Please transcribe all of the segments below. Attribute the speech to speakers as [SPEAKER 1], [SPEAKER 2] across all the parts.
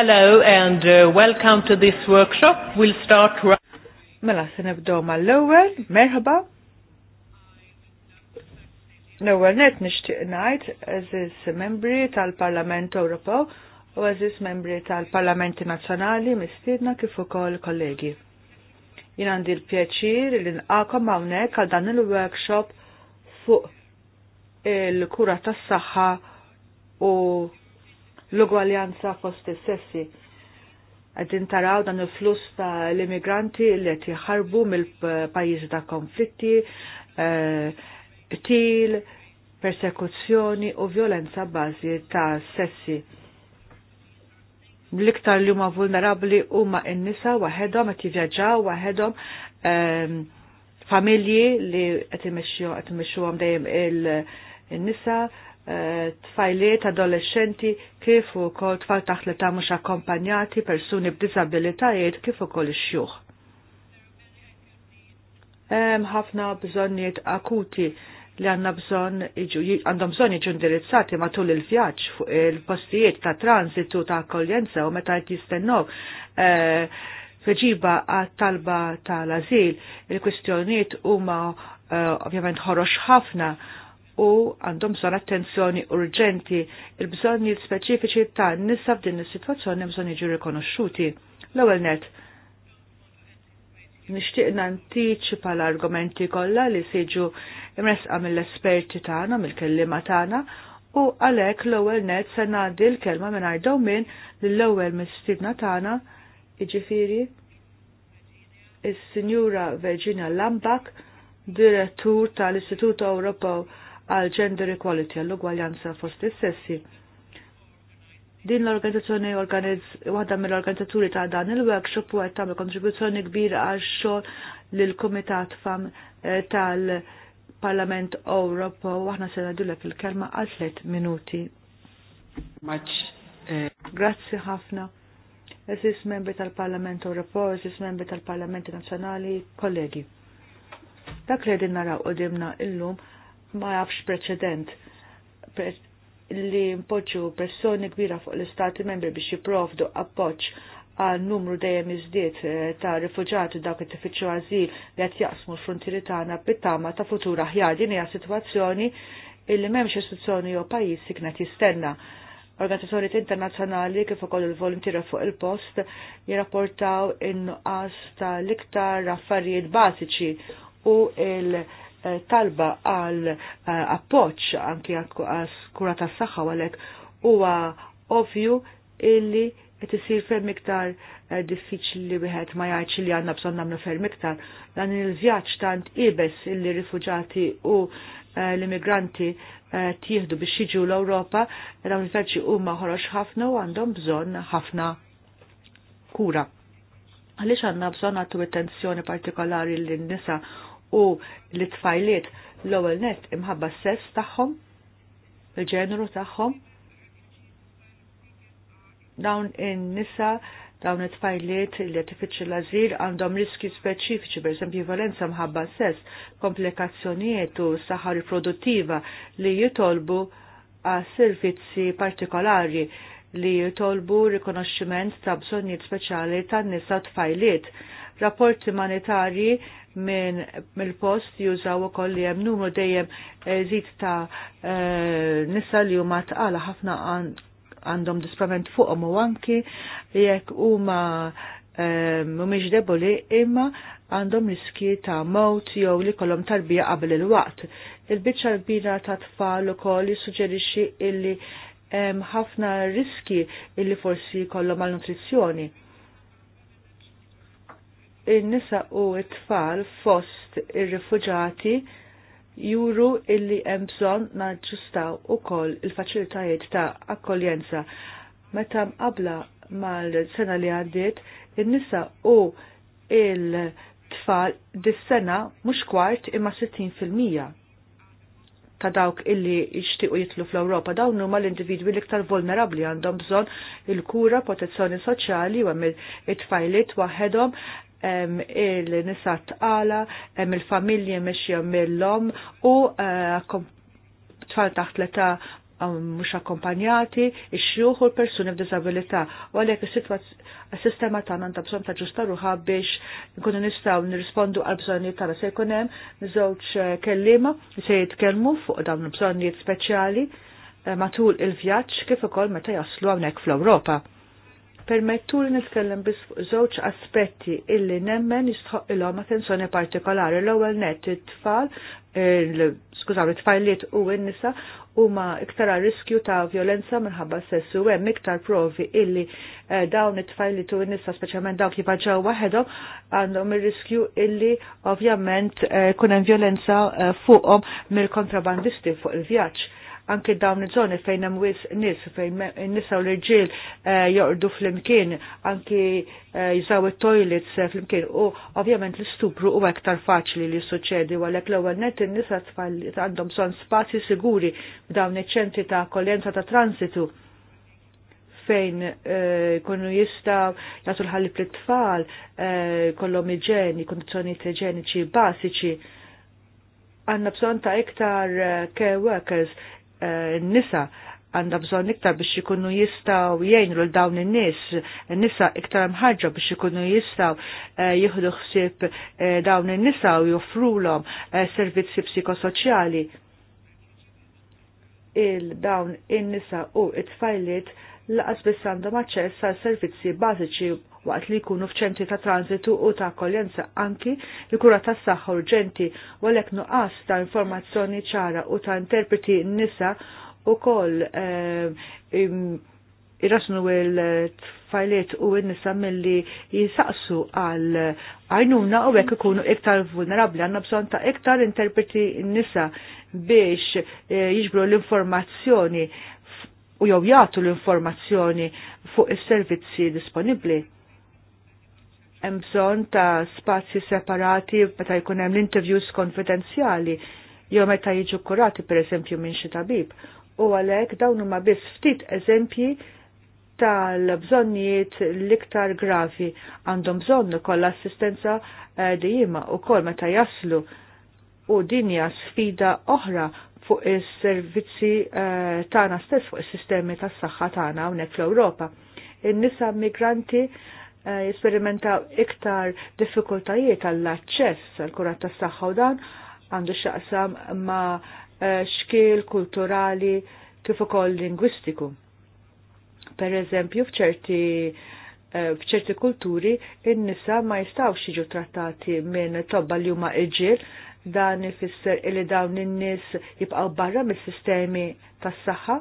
[SPEAKER 1] Hello and uh, welcome to this workshop. We'll start right. Mela se ma l ewwel merħba. L-ewwel net nixtieq ngħid eżis membri tal-Parlament Ewropew u eżis membri tal-Parlamenti Nazzjonali mistiedna kif ukoll kollegi. Jien għandi l-pjaċir li nqakom hawnhekk għal dan il-workshop fuq il-kura tas-saħħa u l-ugwaljanza fost is-sessi. Għadin taraw dan il-fluss ta' l-immigranti li qed jħarbu mill pajjiż ta' konflitti, eh, til, persekuzzjoni u violenza bażi ta' sessi. L-iktar li huma vulnerabbli huma n-nisa waħedhom qed jivvjaġġaw waħedhom ehm, familji li qed imexxuhom dejjem il-nisa tfajliet adolescenti kif ukoll tfal taħt li ta' mhux akkompanjati persuni b'diżabilitajiet kif ukoll ix-xjuħ. Hemm ħafna bżonnijiet akuti li għandna bżonn għandhom bżonn jiġu indirizzati matul il-vjaġġ fuq il-postijiet ta' transitu ta' akkoljenza u meta qed jistennew feġiba eh, għat-talba tal-azil il-kwistjonijiet huma eh, ovvjament ħorox ħafna u għandhom bżon attenzjoni urġenti il-bżonni speċifiċi ta' nisa f'din is-sitwazzjoni bżon jiġu rikonoxxuti. L-ewwel net nixtieq nantiċipa l-argumenti kollha li siġu imresqa mill-esperti tagħna mill-kellima tagħna u għalhekk l-ewwel net se ngħaddi l-kelma mingħajr dawmin lill-ewwel mistiedna tagħna jiġifieri is-Sinjura Virginia Lambak, direttur tal-Istitut Ewropew għal gender equality, għall ugwaljanza fost is-sessi. Din l-organizzazzjoni organizz waħda mill-organizzaturi ta' dan il-workshop u għed tagħmel kontribuzzjoni kbira għal xogħol lil kumitat fam eh, tal-Parlament Ewropa u aħna se nadulek il-kelma għal tliet minuti. Eh, Grazzi ħafna. Eżis membri tal-Parlament Ewropa, eżis membri tal-Parlamenti Nazzjonali, kollegi. Dak li din naraw qudiemna illum ma jafx preċedent li mpoġġu pressjoni kbira fuq l-Istati membri biex jipprovdu appoġġ għal numru dejjem iżdiet eh, ta' rifugġati dawk it tifittxu għażil li qed jaqsmu l-frontieri tagħna bit-tama ta' futura ħjar din hija sitwazzjoni illi m'hemmx istituzzjoni jew pajjiż kienet jistenna. Organizzazzjoni internazzjonali kif ukoll il-volontieri fuq il-post jirrapportaw in-nuqqas tal-iktar affarijiet bażiċi u il- Eh, talba għal eh, appoċ anki għal kura tas saħħa għalek huwa ovvju illi qed isir ferm iktar eh, diffiċli wieħed ma jgħidx li għandna bżonn nagħmlu ferm iktar. Dan il-vjaġġ tant ibes illi rifuġati u l-immigranti tieħdu biex jiġu l-Ewropa, dawn il-vjaġġi huma ħoroġ ħafna u għandhom bżonn ħafna kura. Għaliex għandna bżonn għattu attenzjoni partikolari lin-nisa u li tfajliet l-ewwel net imħabba s-sess tagħhom, il ġenru tagħhom. Dawn in-nisa dawn it-tfajliet li tifittxu l ażil għandhom riski speċifiċi, pereżempju violenza mħabba sess, komplikazzjonijiet u saħħa riproduttiva li jitolbu servizzi partikolari li jitolbu rikonoxximent ta' bżonnijiet speċjali tan-nisa tfajliet rapporti monetari minn mill-post jużaw ukoll li hemm numru dejjem żid eh, ta' eh, nisa li huma tqala ħafna għandhom disprament fuqhom u anki jekk huma eh, mhumiex deboli imma għandhom riski ta' mowt jew li kolom tarbija qabel il-waqt. Il-biċċa kbira ta' tfal ukoll jissuġġerixxi illi ħafna riski illi forsi kollhom malnutrizzjoni. nutrizzjoni il-nisa u it-tfal fost ir-rifuġati juru illi hemm bżonn naġġustaw ukoll il-faċilitajiet ta' akkoljenza. Meta mqabla mal-sena li għaddiet, il nisa u il-tfal dis-sena mhux kwart imma 60% ta' dawk illi jixtiequ jitlu fl-Ewropa dawn huma l-individwi l-iktar vulnerabbli għandhom bżonn il-kura, protezzjoni soċjali u għamil it-tfajliet waħedhom il-nisa tqala, il-familji mexja mill-lom u eh, tfal taħt l-età mux akkompanjati, ix-xjuħ u l-persuni b'disabilità. U għalhekk is-sistema tagħna għandha bżonn ta' ġusta ruħha biex nkunu nistgħu nirrispondu għal bżonnijiet tagħna se jkun hemm żewġ eh, kelliema se jitkellmu fuq dawn il-bżonnijiet speċjali eh, matul il-vjaġġ kif ukoll meta jaslu hawnhekk fl-Ewropa permettu li nitkellem bis żewġ aspetti illi nemmen jistħoq ilhom attenzjoni partikolari. L-ewwel net it-tfal, skużaw, it-tfajliet u n-nisa huma iktar riskju ta' violenza minħabba sessu hemm iktar provi illi eh, dawn it-tfajliet u n-nisa speċjalment dawk li baġġaw waħedhom għandhom ir-riskju illi ovvjament eh, kun hemm violenza eh, fuqhom mill-kontrabandisti fuq il-vjaġġ anke dawn iż-żoni fejn hemm wis nies fejn nisa u l-irġiel eh, jorqdu flimkien anke eh, jżaw it-toilets eh, flimkien u ovvjament l-istupru huwa aktar faċli li suċċedi għalhekk l-ewwel net in-nisa għandhom son spazji siguri b'dawn iċ-ċentri ta' akkoljenza ta' transitu fejn jkunu jistaw jagħtu l ħalli l-tfal kollhom iġeni, kondizzjonijiet iġeniċi bażiċi għanna bżon ta' iktar care workers n-nisa eh, għandha bżonn iktar biex ikunu jistgħu jgħinru l dawn in-nies, n-nisa iktar mħarġa biex ikunu jistgħu eh, jieħdu ħsieb eh, dawn in-nisa u l-om servizzi psikosoċjali. Il-dawn in-nisa u it-tfajliet laqas biss għandhom aċċess għal servizzi bażiċi waqt li jkunu f'ċentri ta' transitu u ta' akkoljenza anki li kura ta' saħħa urġenti u għalhekk nuqqas ta' informazzjoni ċara u ta' interpreti nisa u koll eh, irrasnu il-tfajliet u n-nisa mill-li jisaqsu għal għajnuna u għek ikunu iktar vulnerabli għanna bżon ta' iktar interpreti n-nisa biex eh, jiġbru l-informazzjoni u jew jagħtu l-informazzjoni fuq is-servizzi disponibbli hemm bżonn ta' spazji separati meta jkun hemm interviews konfidenzjali jew meta jiġu kurati pereżempju minn xi tabib. U għalhekk dawn huma biss ftit eżempji tal-bżonnijiet l-iktar gravi għandhom bżonn ukoll assistenza eh, dejjima ukoll meta jaslu u hija sfida oħra fuq is-servizzi eh, tagħna stess fuq is-sistemi tas-saħħa tagħna hawnhekk fl-Ewropa. In-nisa migranti Eh, jesperimentaw iktar diffikultajiet għall-aċċess għal kurat tas saħħa u dan għandu xaqsam ma' eh, xkiel kulturali kif ukoll lingwistiku. Per eżempju, f'ċerti eh, f'ċerti kulturi in-nisa ma jistgħux jiġu trattati minn tobba li huma iġiel dan ifisser li dawn in-nies jibqgħu barra mis-sistemi tas-saħħa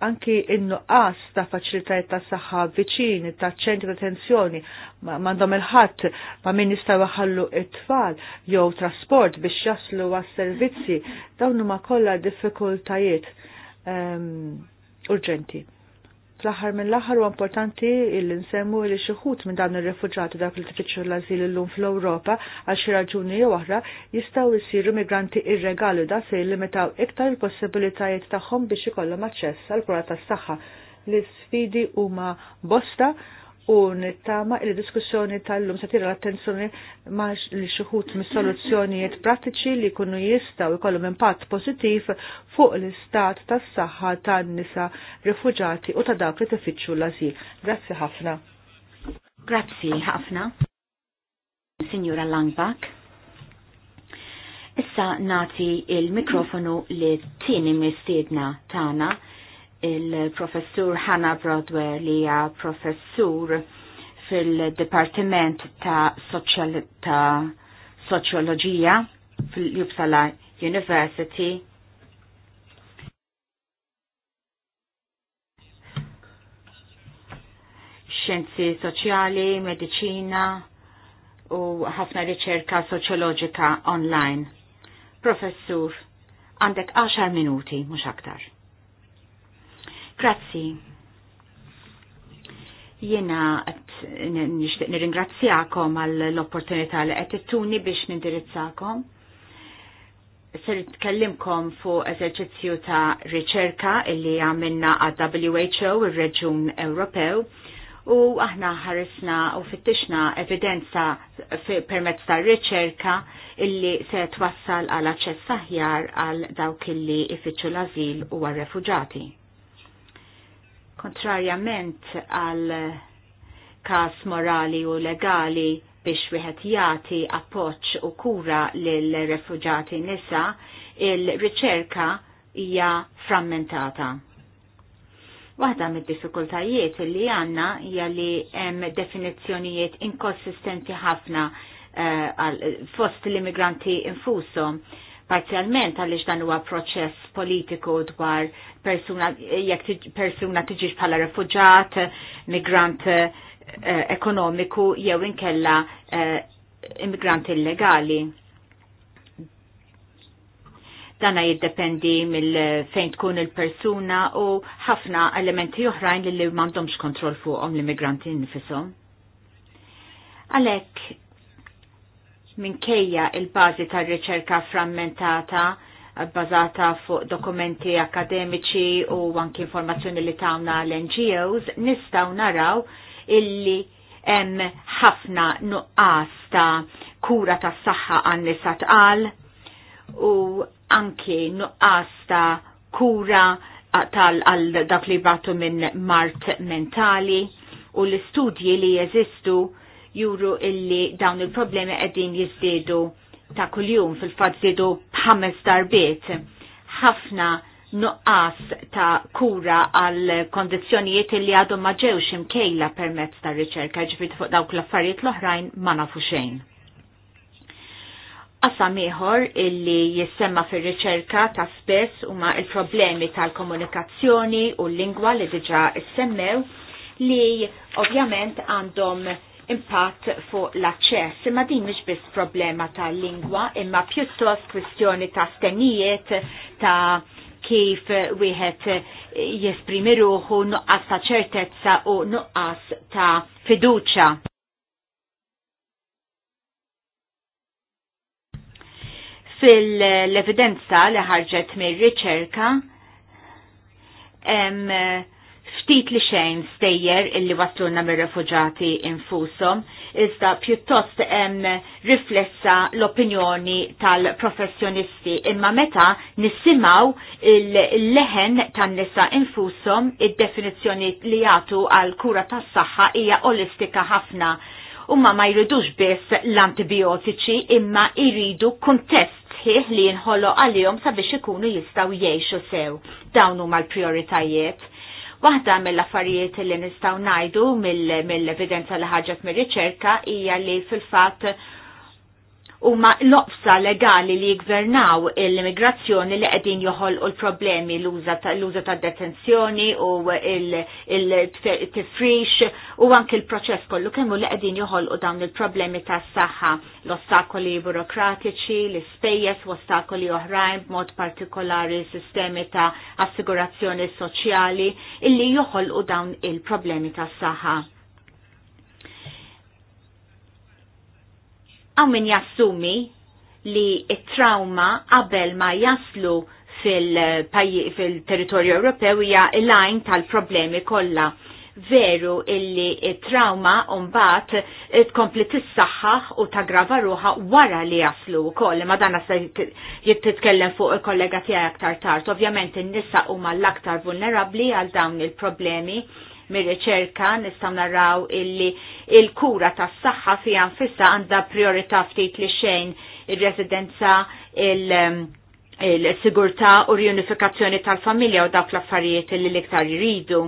[SPEAKER 1] anki innu nuqqas ta' faċilitajiet ta' saħħa viċin, ta' ċentri ta' tensjoni, m'għandhom il-ħadd ma' min jista' jħallu it-tfal jew trasport biex jaslu għas-servizzi, dawn huma kollha diffikultajiet ehm, urġenti. Fl-aħħar minn l-aħħar u importanti il nsemmu li xi minn dawn ir-refuġati dak li tifittxu l-azil illum fl-Ewropa għal xi raġuni jew oħra jistgħu jsiru migranti irregali da se jlimitaw iktar il-possibilitajiet tagħhom biex ikollhom aċċess għal kura tas-saħħa l isfidi huma bosta u nittama il diskussjoni tal-lum se tira l-attenzjoni ma' li xuħut mis-soluzzjonijiet pratiċi li kunu u jkollu impatt pozitiv fuq l-istat tas-saħħa tan-nisa rifugġati u ta' dawk li tifittxu
[SPEAKER 2] l azil Grazzi ħafna. Grazzi ħafna. Signora Langbach. Issa nati il-mikrofonu li tini mistiedna tana il-professur Hanna Broadway li hija professur fil-Dipartiment ta' Soċjoloġija fil-Uppsala University. Xjenzi soċjali, medicina u ħafna riċerka soċjoloġika online. Professur, għandek 10 minuti, mhux aktar. Grazzi. Jena nishtiq nirringrazzjakom għall opportunità li qed ittuni biex nindirizzakom. Ser tkellimkom fuq eżerċizzju ta' riċerka illi għamilna għad WHO ir-Reġun Ewropew u aħna ħarisna u fittixna evidenza permezz ta' riċerka illi se twassal għal aċċess aħjar għal dawk illi ifittxu l-azil u għal refuġati kontrarjament għal kas morali u legali biex wieħed jagħti appoġġ u kura lil refuġati nisa, il-riċerka hija frammentata. Waħda mid-diffikultajiet li għanna hija li hemm definizzjonijiet inkonsistenti ħafna uh, fost l-immigranti infushom, parzjalment għaliex dan huwa proċess politiku dwar persuna jekk persuna tiġix bħala rifuġġat, migrant eh, ekonomiku jew inkella eh, immigrant illegali. Dana jiddependi mill fejn tkun il-persuna u ħafna elementi oħrajn li m'għandhomx kontroll fuqhom l-immigranti nifisom. Għalhekk minkejja il-bażi tar-riċerka frammentata bbażata fuq dokumenti akademiċi u anki informazzjoni li tawna l-NGOs, nistaw naraw illi hemm ħafna nuqqas ta' kura ta' saħħa għan nisat għal u anki nuqqas ta' kura tal għal dak li batu minn mart mentali u l-istudji li jeżistu juru illi dawn il-problemi qegħdin jiżdiedu ta' kuljum fil-fatt ħames darbiet. Ħafna nuqqas ta' kura għal kondizjonijiet li għadhom ma ġewx imkejla permezz ta' riċerka ġifit fuq dawk l-affarijiet l-oħrajn ma nafu xejn. Qasam ieħor illi jissemma fir-riċerka ta' spess huma il-problemi tal-komunikazzjoni u l-lingwa li diġà issemmew li ovvjament għandhom impatt fuq l-aċċess. Imma din mhix biss problema ta' lingwa, imma pjuttost kwistjoni ta' stennijiet ta' kif wieħed jesprimi ruħu nuqqas ta' ċertezza u nuqqas ta' fiduċa. Fil-evidenza li ħarġet mir-riċerka, ftit li xejn stejjer illi waslunna mir refuġati infusom, iżda pjuttost em, riflessa l-opinjoni tal-professjonisti imma meta nissimaw il-leħen tan-nisa infusom id-definizzjoni li jagħtu għal kura tas-saħħa hija olistika ħafna umma ma jridux biss l-antibiotiċi imma jridu kontest ħih li jinħollu għalihom sabiex ikunu jistaw jgħixu sew. Dawn huma l-prioritajiet Waħda mill-affarijiet li nistgħu ngħidu mill-evidenza li ħarġet mir-riċerka hija li fil-fatt u ma loqsa legali li jgvernaw l-immigrazzjoni li qegħdin joħol u l-problemi l-uża ta' detenzjoni u il-tifrix u anki l-proċess kollu kemmu li qegħdin joħol u dawn il-problemi ta' saħħa l-ostakoli burokratiċi, l spejjes l ostakoli oħrajn b'mod partikolari sistemi ta' assigurazzjoni soċjali illi joħol u dawn il-problemi ta' saħħa Għaw min jassumi li il trauma qabel ma jaslu fil-territorju fil Ewropew hija il-lajn tal-problemi kollha. Veru illi il trauma umbat tkompli tissaħħaħ u tagrava ruħa wara li jaslu wkoll ma dan sa jittitkellem fuq il-kollega tiegħi aktar tard. Ovvjament in-nisa huma l-aktar vulnerabbli għal dawn il-problemi mir-riċerka nistgħu naraw illi il-kura tas-saħħa fiha nfissa għandha priorità ftit li xejn ir-residenza il, um, il sigurtà u riunifikazzjoni tal-familja u dawk l-affarijiet li l-iktar jridu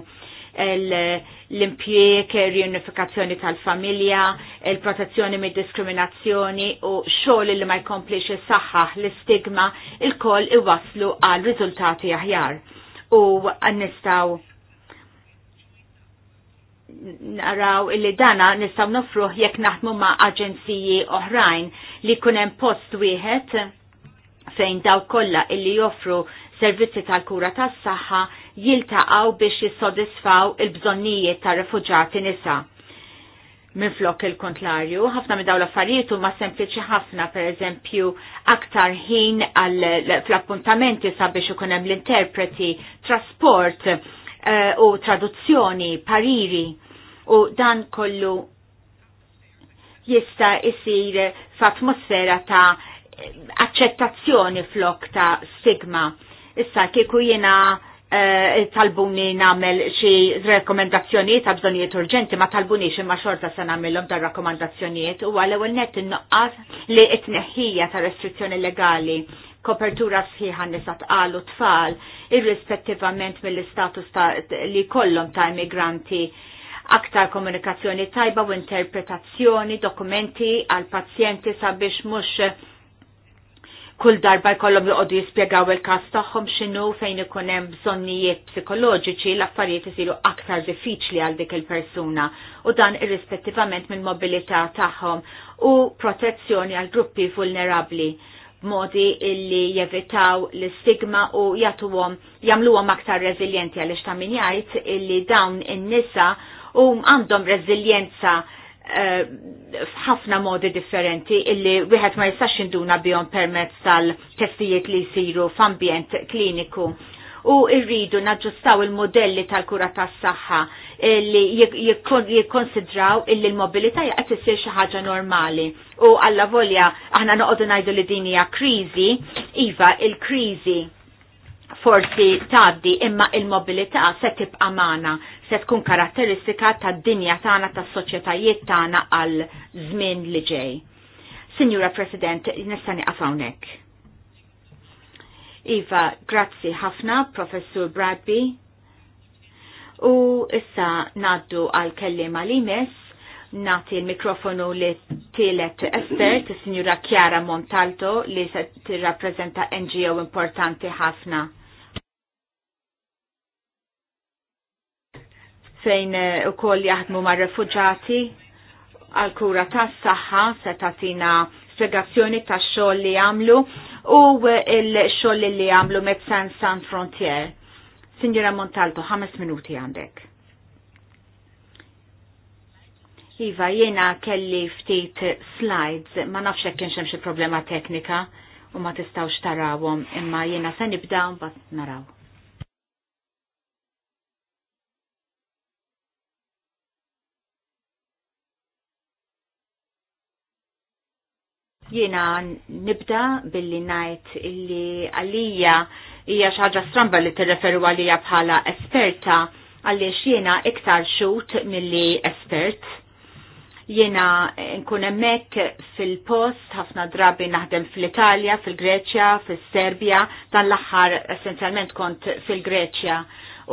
[SPEAKER 2] l-impjek, riunifikazzjoni tal-familja, il-protezzjoni mid diskriminazzjoni u xogħol li ma jkomplix is l-istigma, il-koll iwaslu għal riżultati aħjar. U għannistaw naraw illi dana nistaw nofruħ jekk naħdmu ma' aġenziji oħrajn li kunem post wieħed fejn daw kollha illi joffru servizzi tal-kura tas-saħħa jiltaqgħu biex jissodisfaw il-bżonnijiet tar-refuġati nisa. Minflok il-kontlarju, ħafna minn daw l-affarijiet huma sempliċi ħafna, pereżempju, aktar ħin fl-appuntamenti sabiex ikun hemm l-interpreti, trasport, Eh, u traduzzjoni, pariri u dan kollu jista isir f'atmosfera ta' accettazzjoni flok ta' stigma. Issa kieku jena eh, talbuni namel xi rekomendazzjonijiet ta' bżonijiet urġenti ma talbuni imma xorta se nagħmilhom dar rakkomandazzjonijiet u għal ewwel nett innoqqas li t tneħħija ta' restrizzjoni legali kopertura sħiħa nisa tqalu tfal, irrispettivament mill-istatus li kollhom ta' immigranti aktar komunikazzjoni tajba u interpretazzjoni, dokumenti għal pazjenti sabiex mhux kull darba jkollhom joqogħdu jispjegaw il-każ tagħhom x'inhu fejn ikun hemm bżonnijiet psikoloġiċi l-affarijiet isiru aktar diffiċli għal dik il-persuna u dan irrispettivament mill-mobilità tagħhom u protezzjoni għal gruppi vulnerabbli b'modi illi jevitaw l-stigma u jatuhom jagħmluhom aktar reżiljenti għaliex ta' min jgħid illi dawn in-nisa u għandhom rezilienza eh, f'ħafna modi differenti illi wieħed ma jistax induna bihom permezz tal-testijiet li jsiru f'ambjent kliniku u rridu naġġustaw il-modelli tal-kura tas-saħħa li jikkonsidraw illi l-mobilità qed jisir xi ħaġa normali. U alla volja aħna noqogħdu ngħidu li din hija kriżi, iva il-kriżi forsi tgħaddi imma il-mobilità se tibqa' magħna, se tkun karatteristika tad-dinja tagħna tas-soċjetajiet tagħna għal żmien li ġej. Signora President, nistani hawnhekk. Iva, grazzi ħafna, Professur Bradby. U issa naddu għal kelli għal imes, nati il-mikrofonu li tielet Esther, t-signora Chiara Montalto, li se t-rapprezenta NGO importanti ħafna. Fejn eh, u koll jaħdmu ma' refugġati, għal-kura tas saħħa se tatina spiegazzjoni ta' xogħol li għamlu u il-xoll li għamlu Medecins Sans Frontier. Signora Montalto, ħames minuti għandek. Iva, jena kelli ftit slides, ma nafx jekk kienx hemm xi problema teknika u ma tistgħux tarawhom, imma jena se nibda mbagħad naraw. Jiena nibda billi najt illi għalija hija xi ħaġa stramba li tirreferu għalija bħala esperta għaliex jiena iktar xut milli espert. Jiena nkun hemmhekk fil-post ħafna drabi naħdem fl-Italja, fil-Greċja, fil-Serbja, dan l-aħħar essenzjalment kont fil-Greċja.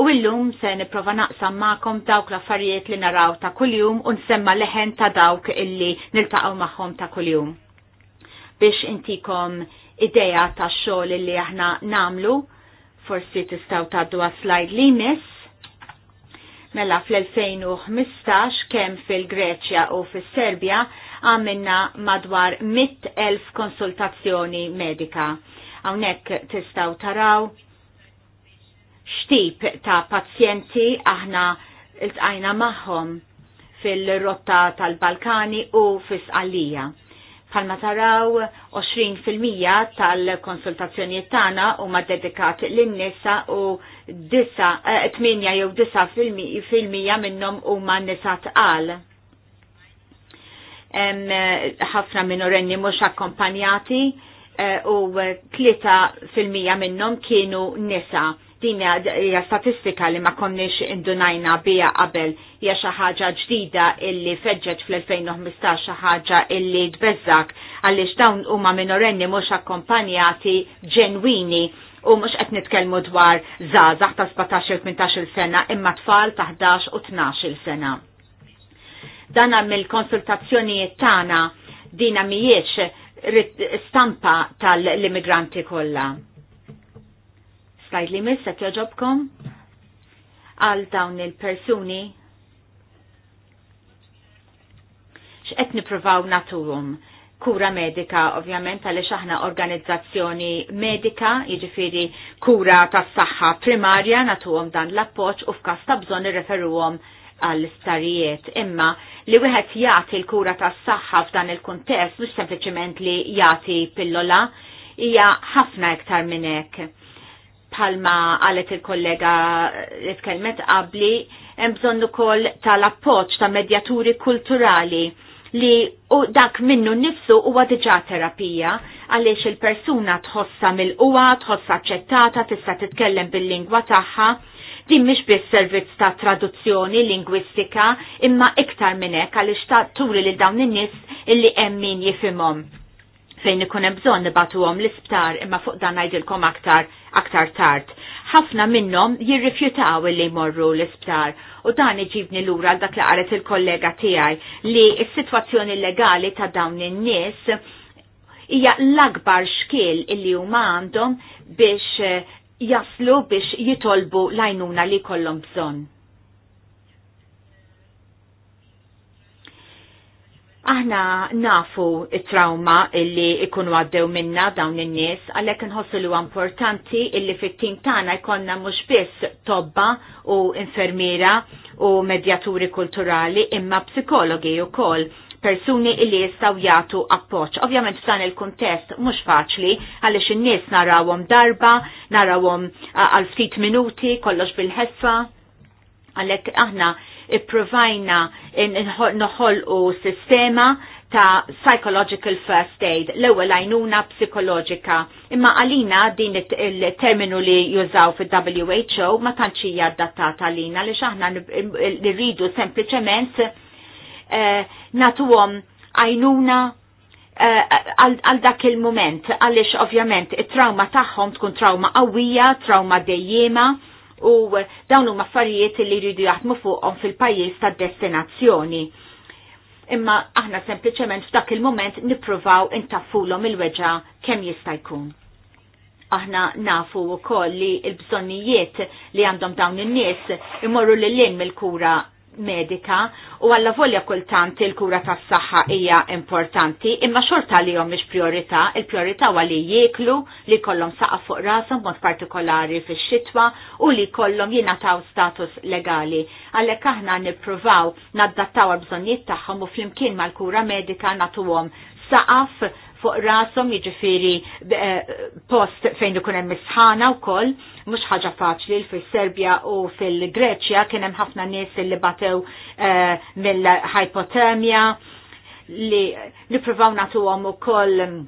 [SPEAKER 2] U illum se nipprova naqsam ma'kom dawk l-affarijiet li naraw ta' kuljum u nsemma leħen ta' dawk illi niltaqgħu magħhom ta' kuljum biex intikom ideja ta' xogħol li aħna namlu. Forsi tistaw taddu slide li mis. Mela fl-2015 kemm fil-Greċja u fis-Serbja għamilna madwar 100.000 konsultazzjoni medika. Hawnhekk tistgħu taraw xtip ta' pazjenti aħna iltqajna magħhom fil-rotta tal-Balkani u fis-Qalija. Palma taraw 20% tal-konsultazzjonijiet tagħna huma dedikat lin-nisa u 8 eh, jew 9% minnhom huma nisa tqal eh, ħafna minorenni mhux akkompanjati eh, u 3% minnhom kienu nisa. Din hija statistika li ma konniex indunajna bija qabel hija xi ħaġa ġdida illi feġġet fl-2015 xi ħaġa illi tbeżżak għaliex dawn huma minorenni mhux akkompanjati ġenwini u mux qed nitkellmu dwar żgħażagħ ta' 17-18 sena imma tfal ta' 11 u 12 sena. Dan mill-konsultazzjonijiet tagħna din mhijiex stampa tal-immigranti kollha. Slajd li missa set joġobkom għal dawn il-persuni x'qed nippruvaw naturum kura medika, ovvjament, għaliex aħna organizzazzjoni medika, jiġifieri kura tas saħħa primarja, nagħtuhom dan l appoġġ u f'każ ta' bżonn irreferuhom għall-istarijiet. Imma li wieħed jagħti l-kura tas saħħa f'dan il-kuntest mhux sempliċement li jagħti pillola, hija ħafna iktar minn hekk palma għalet il-kollega li tkellmet qabli, hemm bżonn ukoll tal-appoġġ ta' medjaturi kulturali li u dak minnu nnifsu huwa diġà terapija għaliex il-persuna tħossa mil-uwa, tħossa aċċettata, tista' titkellem bil-lingwa tagħha din mhix biss servizz ta' traduzzjoni lingwistika imma iktar minn hekk għaliex ta' turi lil dawn in-nies illi hemm min jifhimhom fejn ikun hemm bżonn nibatuhom l-isptar imma fuq dan ngħidilkom aktar aktar tard. Ħafna minnhom jirrifjutaw li jmorru l-isptar u dan iġibni lura dak li qalet il-kollega tiegħi li s-sitwazzjoni legali ta' dawn in-nies hija l-akbar xkiel illi huma għandhom biex jaslu biex jitolbu lajnuna li kollhom bżonn. Aħna nafu il trauma illi ikunu għaddew minna dawn in-nies, għalhekk inħossu li importanti illi fit-tim tagħna jkollna mhux biss tobba u infermiera u medjaturi kulturali imma psikologi wkoll persuni illi jistaw jagħtu appoġġ. Ovvjament f'dan il-kuntest mhux faċli għaliex in-nies narawhom darba, narawhom għal ftit minuti, kollox bil ħessa Għalhekk aħna ipprovajna noħolqu sistema ta' psychological first aid, l-ewwel għajnuna psikoloġika. Imma għalina din il-terminu li jużaw fi who ma tantx hija adattata għalina li aħna nirridu sempliċement eh, nagħtuhom għajnuna eh, għal dak il-moment, għalix ovvjament it-trauma tagħhom tkun trauma qawwija, trauma dejjema, u dawn huma affarijiet li jridu jaħdmu fuqhom fil-pajjiż tad-destinazzjoni. Imma aħna sempliċement f'dak il-moment nippruvaw intaffulhom il weġġa kemm jista' jkun. Aħna nafu wkoll li l-bżonnijiet li għandhom dawn in-nies imorru lil lin mill-kura medika u għalla volja kultant il-kura tas saħħa hija importanti imma xorta li jom miex priorita, il priorita huwa li jieklu li kollom saqa fuq rashom mod partikolari fix-xitwa u li kollhom jingħataw status legali. Għalhekk aħna nippruvaw naddattaw għal bżonnijiet tagħhom u flimkien mal-kura medika nagħtuhom saqaf fuq rasom jiġifieri eh, post fejn ikun hemm isħana wkoll mhux ħaġa faċli fis-Serbja u fil-Greċja kien hemm ħafna nies li batew eh, mill hypotermia li nippruvaw nagħtuhom ukoll mm,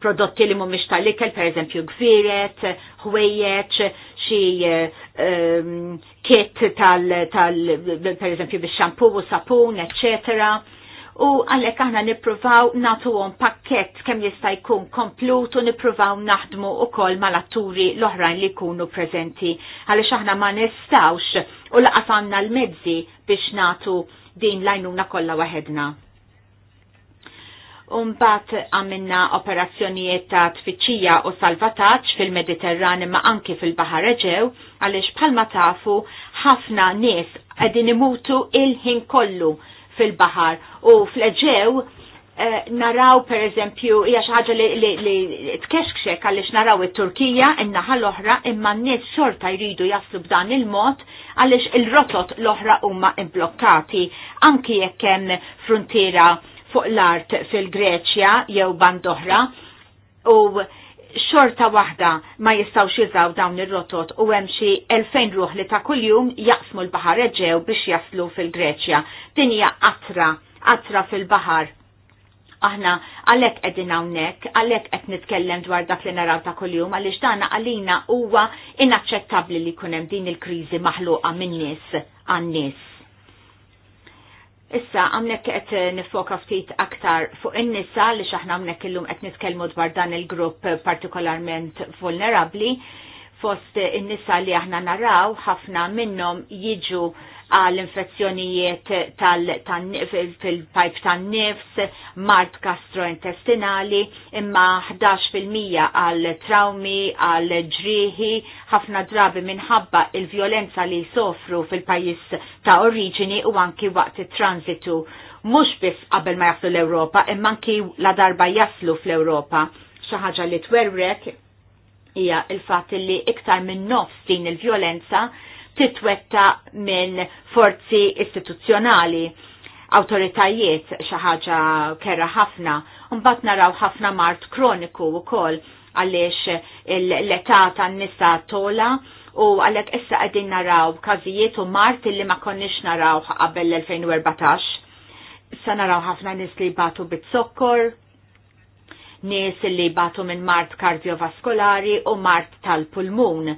[SPEAKER 2] prodotti li mhumiex tal-ikel, pereżempju gfiret, ħwejjeġ, xi eh, ehm, kit tal, pereżempju per eżempju bix-xampu u sapun, eccetera u għalhekk aħna nippruvaw nagħtuhom pakkett kemm jista' jkun komplut u nippruvaw naħdmu ukoll mal-atturi l-oħrajn li jkunu preżenti għaliex aħna ma nistawx u laqas għandna l-mezzi biex nagħtu din l-għajnuna kollha waħedna. Umbat għamilna operazzjonijiet ta' tfittxija u salvataċ fil-Mediterran ma anki fil-Bahar Eġew, għalix bħalma tafu ħafna nies għedin imutu il-ħin kollu fil-bahar u fl-eġew eh, naraw per eżempju, hija xi ħaġa li tkexkxek għaliex naraw it-Turkija in-naħa l-oħra imma n-nies xorta jridu jaslu b'dan il-mod għaliex il-rotot l-oħra huma imblokkati anki jekk hemm frontiera fuq l-art fil-Greċja jew band oħra u xorta waħda ma jistaw jużaw dawn ir-rotot u hemm xi elfejn ruħ li ta' kuljum jaqsmu l-baħar Eġew biex jaslu fil-Greċja. Din hija qatra, qatra fil-baħar. Aħna għalhekk qegħdin hawnhekk, għalhekk qed nitkellem dwar dak li naraw ta' kuljum għaliex dana għalina huwa inaċċettabbli li jkun hemm din il-kriżi maħluqa min-nies għan-nies. Issa għamnek qed nifoka ftit aktar fuq in-nisa li xaħna għamnek illum qed nitkellmu dwar dan il-grupp partikolarment vulnerabli fost in-nisa li aħna naraw ħafna minnhom jiġu għal infezzjonijiet fil pipe tan-nifs, mart gastrointestinali, imma 11% għal traumi, għal ġrieħi, ħafna drabi minħabba il-violenza li sofru fil-pajis ta' oriġini u anki waqt it-transitu. Mux bis qabel ma jaslu l-Europa, imma anki la darba jaslu fl-Europa. ħaġa li twerrek hija il-fatt li iktar minn nofs din il-violenza titwetta minn forzi istituzzjonali autoritajiet xaħġa kera ħafna, unbat naraw ħafna mart kroniku u kol għalix l-età tan nisa tola u għalek issa għedin naraw kazijiet u mart li ma konniex naraw qabel l-2014. Issa naraw ħafna nis li batu bit-sokkor, nis li batu minn mart kardiovaskolari u mart tal-pulmun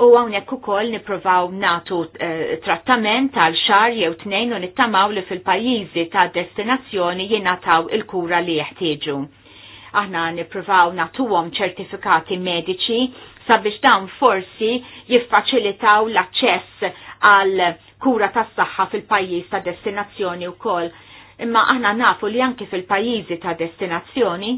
[SPEAKER 2] u għawnek u koll niprofaw natu eh, trattament tal xar jew tnejn u nittamaw li fil-pajizi ta' destinazzjoni jenataw il-kura li jeħtieġu. Aħna niprofaw għom ċertifikati mediċi sabiex dawn forsi jiffaċilitaw l-aċċess għal kura tas saħħa fil-pajjiż ta' destinazzjoni u koll. Imma aħna nafu li anki fil-pajjiżi ta' destinazzjoni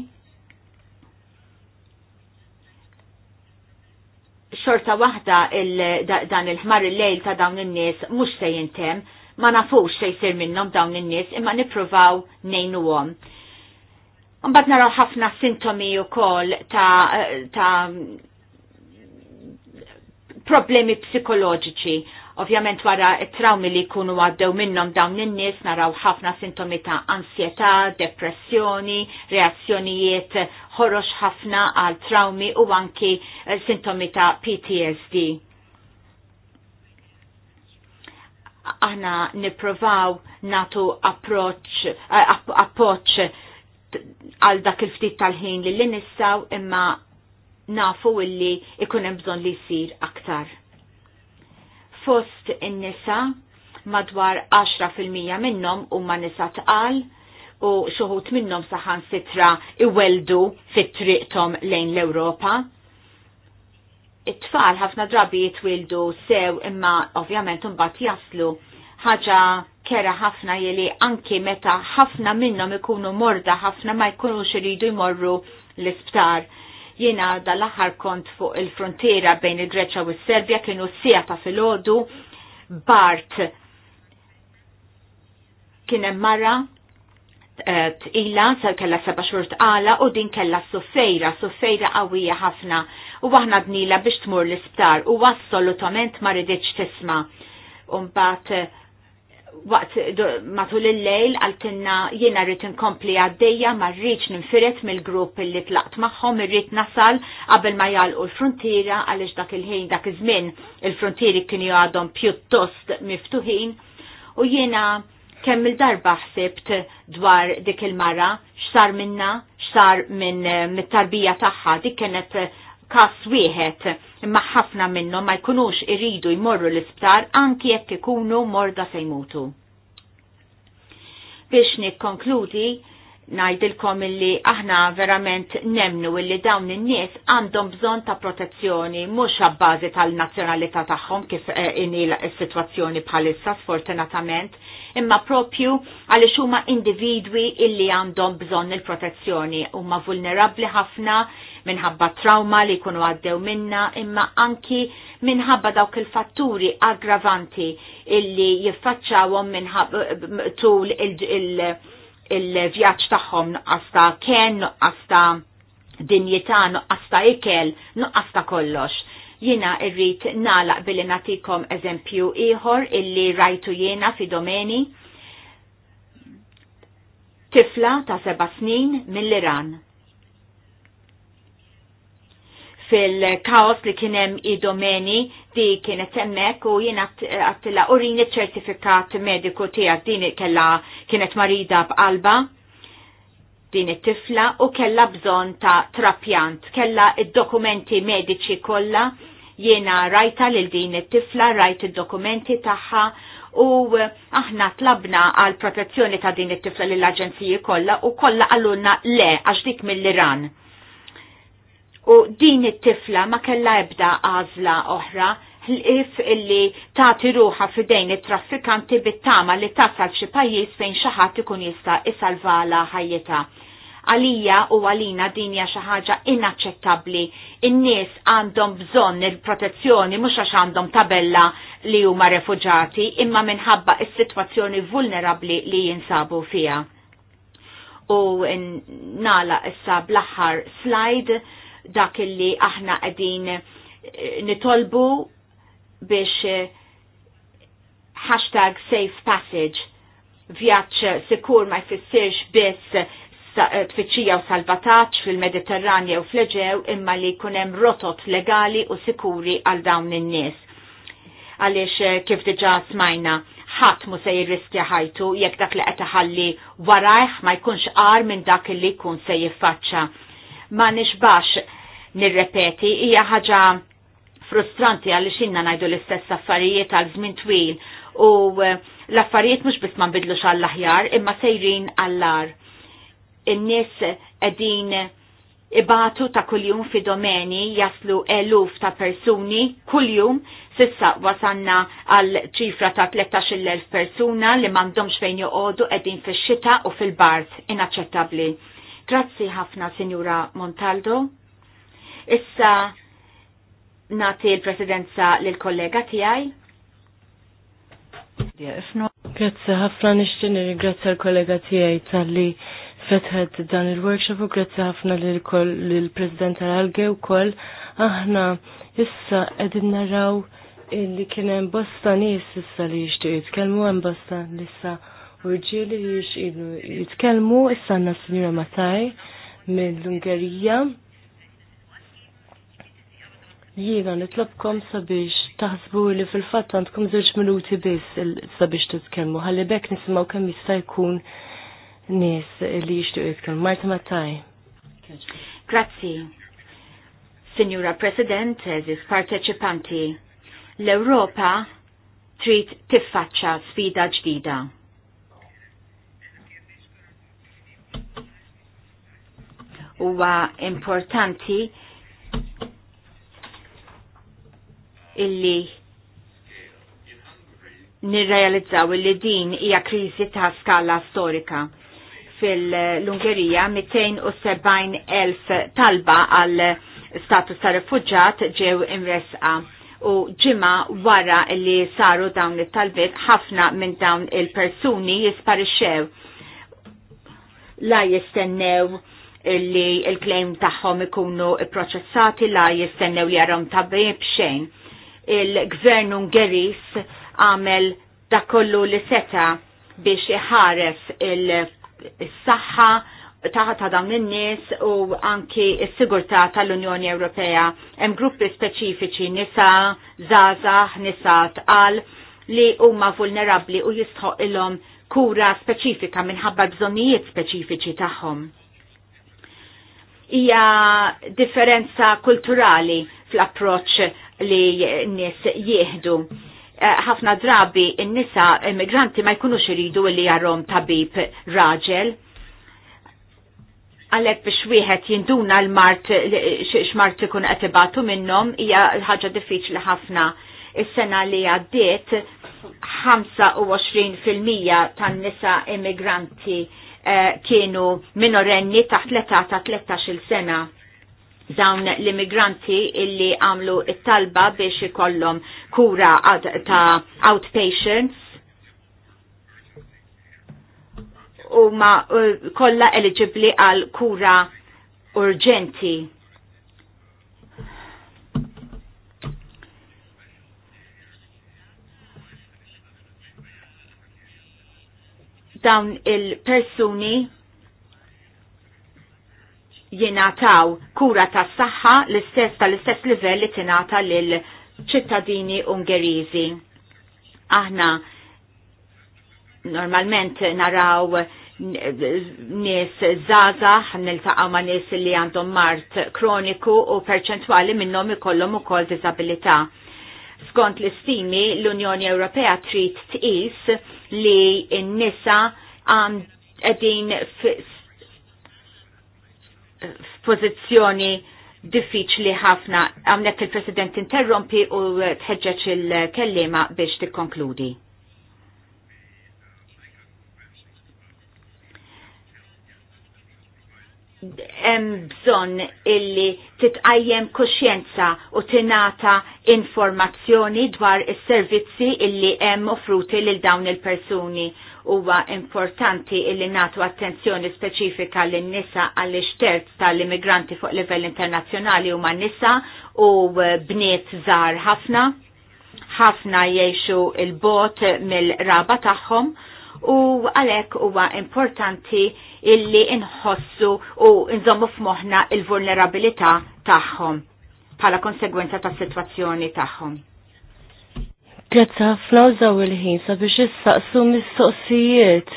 [SPEAKER 2] xorta waħda il dan il-ħmar il-lejl ta' dawn in-nies mhux se jintem, ma nafux se jsir minnhom dawn in-nies imma nippruvaw ngħinuhom. Mbagħad naraw ħafna sintomi wkoll ta', ta problemi psikoloġiċi Ovvjament wara traumi li jkunu għaddew minnhom dawn in-nies naraw ħafna sintomi ta' ansjetà, depressjoni, reazzjonijiet ħorox ħafna għal traumi u anki eh, sintomi ta' PTSD. Aħna nipprovaw natu approċ, eh, għal dak il-ftit tal-ħin li l-nissaw imma nafu illi ikun hemm bżonn li jsir aktar fost in-nisa madwar 10% minnhom huma nisa tqal u xuħut minnhom saħan sitra iweldu fit-triqtom lejn l-Ewropa. It-tfal ħafna drabi jitwildu sew imma ovvjament mbagħad jaslu ħaġa kera ħafna jeli anki meta ħafna minnhom ikunu morda ħafna ma jkunux iridu jmorru l-isptar Jiena dal-aħħar kont fuq il-frontiera bejn il-Greċa u s-Serbja kienu s-sieta fil filgħodu Bart kien hemm mara eh, ila sal kella seba' xhur tqala u din kella suffejra, suffejra qawwija ħafna u d-nila biex tmur l-isptar u assolutament ma rridx tisma'. Umbat waqt matul il-lejl għaltinna jiena rrit inkompli għaddejja ma rriċ ninfiret mill-grupp li tlaqt magħhom irrid nasal qabel ma jalqu l-frontiera għaliex dak il-ħin dak iż-żmien il-frontieri kienu għadhom pjuttost miftuħin u jiena kemm il-darba ħsibt dwar dik il-mara x'sar minna x'sar minn eh, mit-tarbija tagħha dik kienet eh, kas wieħed imma ħafna minnhom ma jkunux iridu jmorru l-isptar anki jekk ikunu morda se jmutu. Biex nikkonkludi, najdilkom illi aħna verament nemnu illi dawn in-nies għandhom bżonn ta' protezzjoni mhux għabbażi tal-nazzjonalità tagħhom kif eh, inhi s-sitwazzjoni bħalissa sfortunatament, imma propju għaliex huma individwi illi għandhom bżonn il-protezzjoni huma vulnerabbli ħafna minħabba trauma li jkunu għaddew minna imma anki minħabba dawk il-fatturi aggravanti illi jiffaċċawhom minħabba tul il-vjaġġ tagħhom nuqqasta ken, nuqqasta dinjità, nuqqasta ikel, nuqqasta kollox jina irrit nalaq billi natikom eżempju iħor illi rajtu jena fi domeni tifla ta' seba snin mill-Iran fil-kaos li kienem id-domeni di kienet emmek u jien għattila urini ċertifikat mediku tijak din kella kienet marida b'alba din it-tifla u kella bżon ta' trapjant, kella id-dokumenti mediċi kolla jiena rajta lil din it-tifla, rajt id-dokumenti tagħha u aħna tlabna għal protezzjoni ta' din it-tifla lill aġenziji kollha u kollha għallunna le għax dik mill-Iran U din it-tifla ma kella ebda għażla oħra l-if illi tati ruħa fidejn it-traffikanti bit-tama li tasal xi pajjiż fejn xi ħadd ikun jista' isalvala ħajjita. Għalija u għalina din hija xi ħaġa inaċċettabbli. In-nies għandhom bżonn il-protezzjoni mhux għax għandhom tabella li huma refuġati imma minħabba is-sitwazzjoni vulnerabbli li jinsabu fiha. U nala issa bl-aħħar slide dak illi aħna qegħdin eh, nitolbu biex eh, hashtag safe passage vjaċ sikur ma jfissirx biss eh, tfittxija u salvataċ fil-Mediterranja u fl-Eġew imma li kunem rotot legali u sikuri għal dawn in-nies. Għaliex kif diġa smajna, ħadd mu se jirriskja ħajtu jekk dak li qed iħalli ma jkunx qar minn dak li jkun se jiffaċċa ma nixbax nirrepeti, hija ħaġa frustranti għalli xinna najdu l-istess affarijiet għal żmien twil u eh, l-affarijiet mhux biss ma nbidlux għall-aħjar imma sejrin għall-ar. In-nies qegħdin ibatu ta' kuljum fi domeni jaslu eluf ta' persuni kuljum sissa wasanna għal ċifra ta' 13.000 persuna li mandomx fejn joqodu edin fil xita u fil-bart inaċċettabli. Grazzi ħafna, Sinjura Montaldo. Issa nati l-presidenza l-kollega tijaj.
[SPEAKER 3] Grazzi ħafna nixtieni ringrazzja l-kollega tijaj tal-li fetħed dan il-workshop u grazzi ħafna l-president tal-alge u koll. Aħna issa edin naraw illi kienem bosta nis issa li jishtu jitkelmu għem bosta lissa. issa Virgili rġieli li jixqilu jitkellmu issa għandna Sinjura Mataj mill-Ungerija. Jiena nitlobkom sabiex taħsbu li fil-fatt għandkom żewġ minuti biss sabiex titkellmu ħalli bekk nisimgħu kemm jista' jkun nies li jixtiequ jitkellmu. Marta Mattaj.
[SPEAKER 2] Grazzi. Signora President, eżis parteċipanti, l-Europa trid tiffaċċa sfida ġdida huwa importanti illi nirrealizzaw illi din hija kriżi ta' skala storika. Fil-Ungerija 270.000 talba għal status ta' refugġat ġew imresqa u ġima wara li saru dawn it-talbiet ħafna minn dawn il-persuni jisparixxew la jistennew li il-claim tagħhom ikunu proċessati la jistennew li għarom tabib xejn. Il-gvern Ungeris għamel dakollu li seta biex iħares il-saħħa taħat ta' dawn in-nies u anki s-sigurtà tal-Unjoni Ewropea hemm gruppi speċifiċi nisa, zazax, nisa tqal li huma vulnerabbli u jistħoq ilhom kura speċifika minħabba bżonnijiet speċifiċi tagħhom hija differenza kulturali fl-approċ li n-nies jieħdu. Eh, ħafna drabi n-nisa immigranti ma jkunux iridu li jarom tabib raġel għalek biex wieħed jinduna l-mart x'mart ikun qed minnom, minnhom hija ħaġa diffiċli ħafna. Is-sena li għaddiet 25% tan-nisa immigranti Eh, kienu minorenni taħt l-età ta' 13 sena dawn l-immigranti illi għamlu it-talba biex ikollhom kura ta' outpatients u ma eh, kolla eligibli għal kura urġenti dawn il-persuni jenataw kura ta' saħħa l-istess tal-istess livell li tinata lil ċittadini Ungeriżi. Aħna normalment naraw nies zaza niltaqgħu ma' nies li għandhom mart kroniku u perċentwali minnhom ikollhom ukoll diżabilità Skont l-istimi, l-Unjoni Ewropea trid tqis li n-nisa għedin f'pożizzjoni diffiċli ħafna. Għamnek il-President interrompi u tħeġġeġ il-kellima biex tikkonkludi. hemm bżonn illi titqajjem koxjenza u tingħata informazzjoni dwar is-servizzi illi hemm offruti lil dawn il-persuni. Huwa importanti illi nagħtu attenzjoni speċifika lin nisa għaliex terz tal-immigranti fuq livell internazzjonali huma nisa u bniet żgħar ħafna. ħafna jgħixu il-bot mill-raba tagħhom u għalhekk huwa importanti illi inħossu u nżommu f'moħħna il-vulnerabilità tagħhom bħala konsegwenza ta' situazzjoni tagħhom.
[SPEAKER 3] Grazzi ħafna użaw il-ħin sabiex issaqsu mistoqsijiet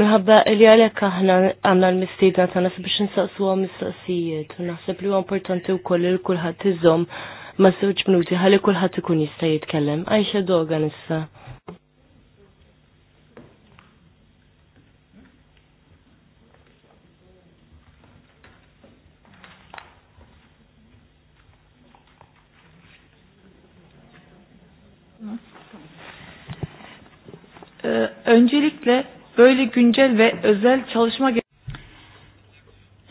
[SPEAKER 3] minħabba li għalhekk aħna għandna l-mistiedna tagħna sabiex insaqsuhom mistoqsijiet u naħseb li huwa importanti wkoll li kulħadd iżomm ma' żewġ minuti għalli kulħadd ikun jista' jitkellem. Għajxa dogan issa.
[SPEAKER 1] öncelikle
[SPEAKER 3] böyle güncel ve özel çalışma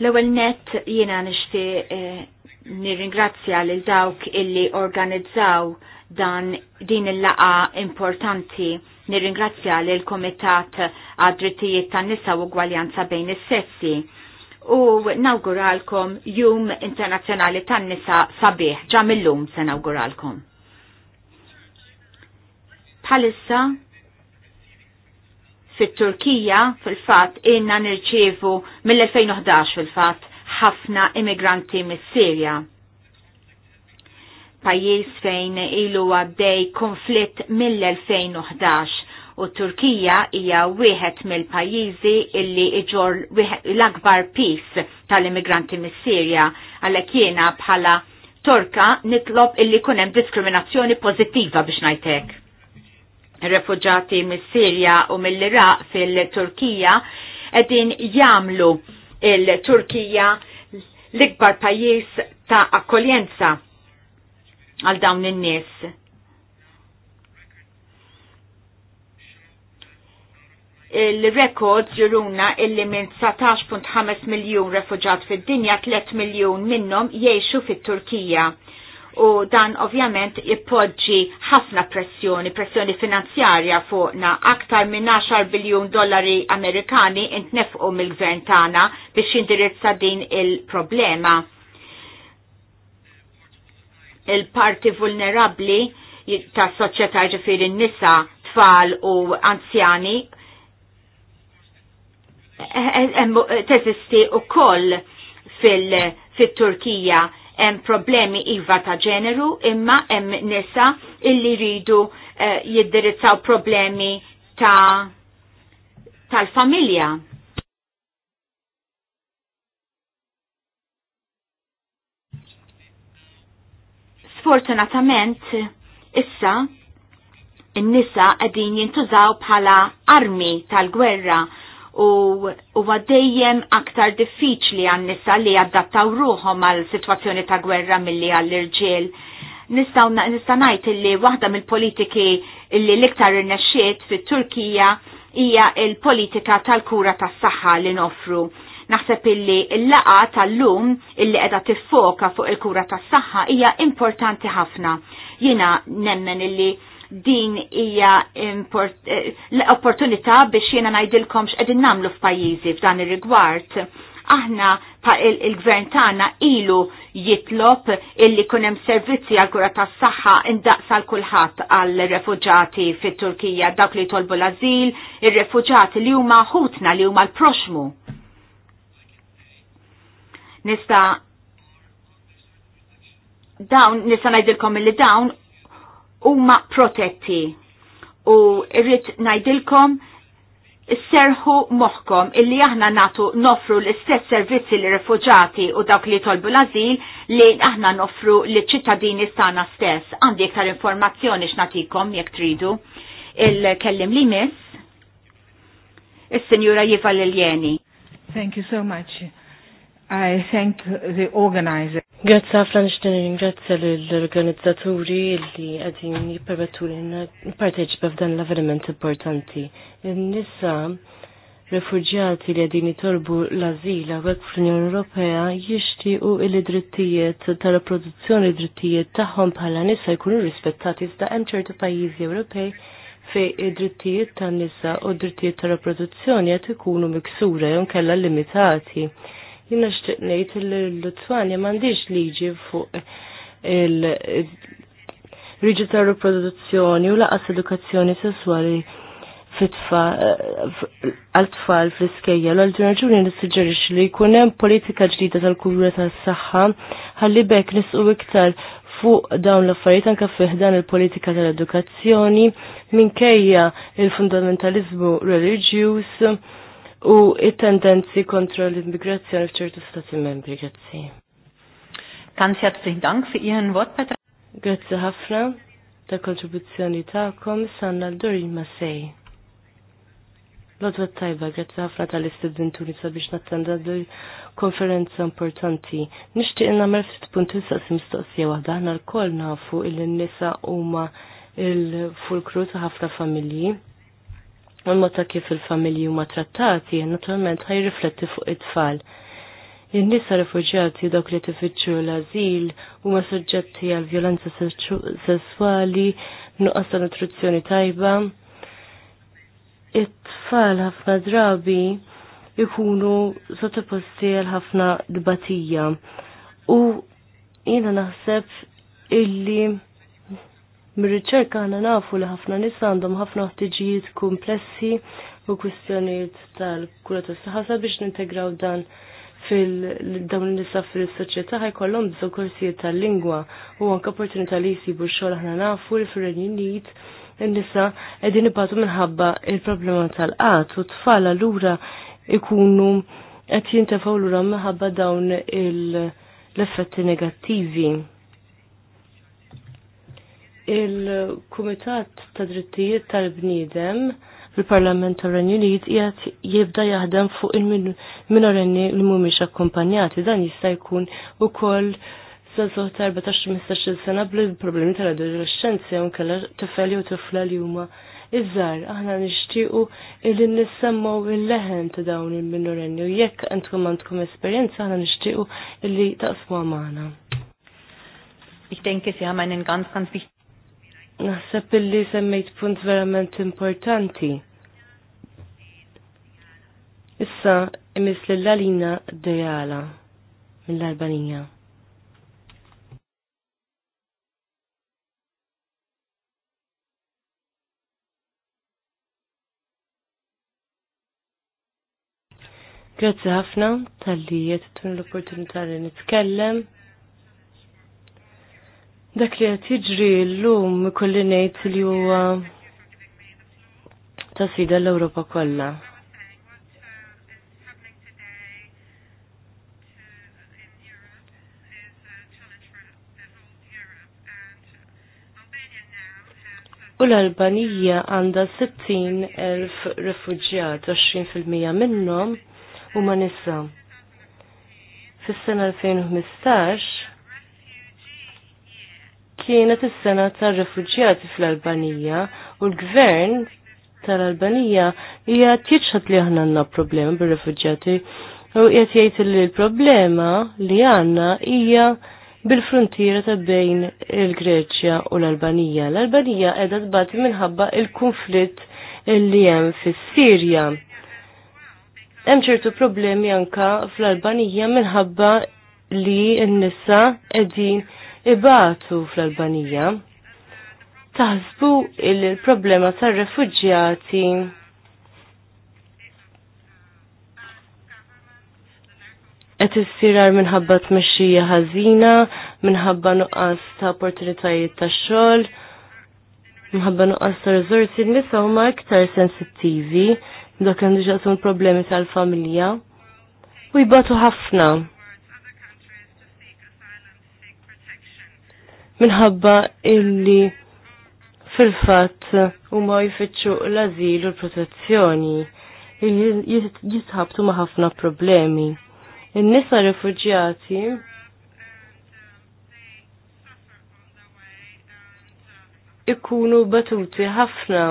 [SPEAKER 2] L-ewwel net jiena nixti e, nirringrazzja lil dawk illi organizzaw dan din il-laqa importanti. Nirringrazzja lil komitat għad-drittijiet tan-nisa u gwaljanza bejn is-sessi. U nawguralkom Jum Internazzjonali tan-nisa sabiħ ġam illum se nawguralkom. Bħalissa fit-Turkija fil-fat inna nirċievu mill-2011 fil-fat ħafna immigranti mis-Sirja. Pajjiż fejn ilu għaddej konflitt mill-2011 u Turkija hija wieħed mill-pajjiżi illi iġor l-akbar pis tal-immigranti mis-Sirja għalhekk jiena bħala Torka nitlob illi kunem diskriminazzjoni pozittiva biex ngħidlek refugjati mis-Sirja u mill-Iraq fil-Turkija edin jamlu il-Turkija l-ikbar pajis ta' akkoljenza għal dawn in-nies. Il-rekord juruna illi minn 17.5 miljon refugjat fid-dinja 3 miljon minnhom jgħixu fit-Turkija u dan ovvjament ippoġġi ħafna pressjoni, pressjoni finanzjarja fuqna. Aktar minn 10 biljun dollari Amerikani intnefqu mill-gvern tagħna biex jindirizza din il-problema. Il-parti vulnerabli ta' soċjetà ġifieri n-nisa, tfal u anzjani eh, eh, eh, teżisti u koll fil-Turkija. fil, turkija hemm problemi iva ta' ġeneru imma hemm nisa illi ridu eh, jiddirizzaw problemi ta' tal-familja. Sfortunatament, issa, n-nisa għedin jintużaw bħala armi tal-gwerra u huwa dejjem aktar diffiċli għan nisa li jaddattaw ruħom għal situazzjoni ta' gwerra milli għall irġiel Nista' ngħid li waħda mill-politiki li l-iktar irnexxiet fit-Turkija hija l-politika tal-kura tas-saħħa li nofru. Naħseb illi l-laqa tal-lum illi qiegħda tiffoka fuq il-kura tas-saħħa hija importanti ħafna. Jiena nemmen illi din hija eh, l-opportunità biex jiena ngħidilkom x'qegħdin nagħmlu f'pajjiżi f'dan ir-rigward. Aħna il-gvern tagħna ilu jitlob illi kun hemm servizzi għal kura tas-saħħa indaqs għal kulħadd għal refuġati fit-Turkija dawk li jtolbu l-ażil, ir-refuġati li huma ħutna li huma l-proxmu. Nista' dawn nista' ngħidilkom li dawn huma protetti u irrid ngħidilkom serħu moħkom illi aħna natu nofru l-istess servizzi l rifuġati u dawk li tolbu l-azil li aħna nofru l ċittadini stana stess. Għandi iktar informazzjoni x'natikom jekk tridu. Il-kellim li miss, il-Sinjura Jiva Liljeni.
[SPEAKER 1] Thank you so much. I thank
[SPEAKER 3] the organizer. Grazzi a nishtin ringrazzi l-organizzaturi li għadin jipermettu li parteċipa f'dan l-avveniment importanti. Nissa refugjati li għadin jitolbu l-azila għek fl-Unjoni Ewropea jishtiqu il-drittijiet tal-produzzjoni drittijiet tagħhom bħala nisa jkunu rispettati iżda hemm ċertu pajjiżi Ewropej fej id-drittijiet tan-nisa u d-drittijiet ta' produzzjoni qed ikunu miksura jew kella limitati Jina xtiqnejt l-Lutwanja mandiġ liġi fuq il-riġi ta' riproduzzjoni u laqas edukazzjoni sessuali għal-tfal fl-iskejja. l nis-sġerix li jkun hemm politika ġdida tal-kura tas-saħħa ħalli bekk nisqu iktar fuq dawn l-affarijiet anke fih dan il-politika tal-edukazzjoni minkejja il-fundamentalizmu religjus u it-tendenzi kontra l-immigrazzjoni f'ċertu stati membri. Grazzi. Ganz herzlichen Dank jen vot, Petra. Grazzi ħafna ta' kontribuzzjoni kom sanna l ma l Lodwa tajba, grazzi ħafna tal li sabiex nattenda konferenza importanti. Nishtiq namel fit punt il-saqsim mistoqsija waħda, ħna l kol nafu il-nisa huma il-fulkru ta' ħafna familji u l-mod ta' kif il-familji huma trattati naturalment ħajrifletti fuq it-tfal. In-nisa rifuġjati dawk li tifittxu l-azil huma suġġetti għal violenza sessuali, nuqqas ta' nutrizzjoni tajba. It-tfal ħafna drabi ikunu sottoposti għal ħafna dbatija. U jina naħseb illi Mir-riċerka għana nafu li ħafna nis għandhom ħafna ħtiġijiet komplessi u kwistjonijiet tal-kura tas saħħa biex nintegraw dan fil-dawn nisa fil-soċieta kollom bżonn korsijiet tal-lingwa u anke opportunità li jsibu xogħol aħna nafu li fir-Renju Unit n nisa qegħdin ibatu minħabba il-problema tal qat u tfal allura ikunu qed jintefgħu lura minħabba dawn l-effetti negattivi il-Kumitat ta' Drittijiet tal-Bniedem fil-Parlament tal-Renju Unit qiegħed jibda jaħdem fuq il-minorenni li mhumiex akkumpanjati dan jista' jkun ukoll sa soħ ta' 14-15 sena bl problemi tal-adolescenzi jew kellha tifel jew tifla li huma iżżar aħna nixtiequ illi nissemmaw il-leħen ta' dawn il-minorenni u jekk għandkom għandkom esperjenza aħna nixtiequ illi taqsmu għamana. Ich denke, Sie haben einen ganz, ganz wichtigen Naħseb illi semmejt punt verament importanti. Issa imis l-lalina dejala mill-Albanija. Grazzi ħafna tal-li jettun l-opportunità li nitkellem. Dak li għat qed l-lum kulli nejt li huwa ta' sfida l europa kollha. U l-Albanija għanda 60.000 refugjat, 20% minnhom huma nisa. Fis-sena 2015 kienet is-sena tar-refuġjati fl-Albanija u l-gvern tal-Albanija hija tjiċħat li aħna għandna problema bir-refuġjati u qed jgħid li l-problema li għandna hija bil-frontiera ta' bejn il-Greċja u l-Albanija. L-Albanija qiegħda tbati minħabba il-konflitt li hemm fis-Sirja. Hemm ċertu problemi anka fl-Albanija minħabba li n-nisa qegħdin ibatu fl-Albanija. Taħsbu il-problema tar Et qed issirar minħabba tmexxija ħażina, minħabba nuqqas ta' opportunitajiet tax-xogħol, minħabba nuqqas ta' rizorsi nisa huma iktar sensittivi dak għandu problemi tal-familja u jibatu ħafna. minħabba illi fil u huma jfittxu l-azil u l-protezzjoni jitħabtu ma' ħafna problemi. In-nisa refugjati ikunu batuti ħafna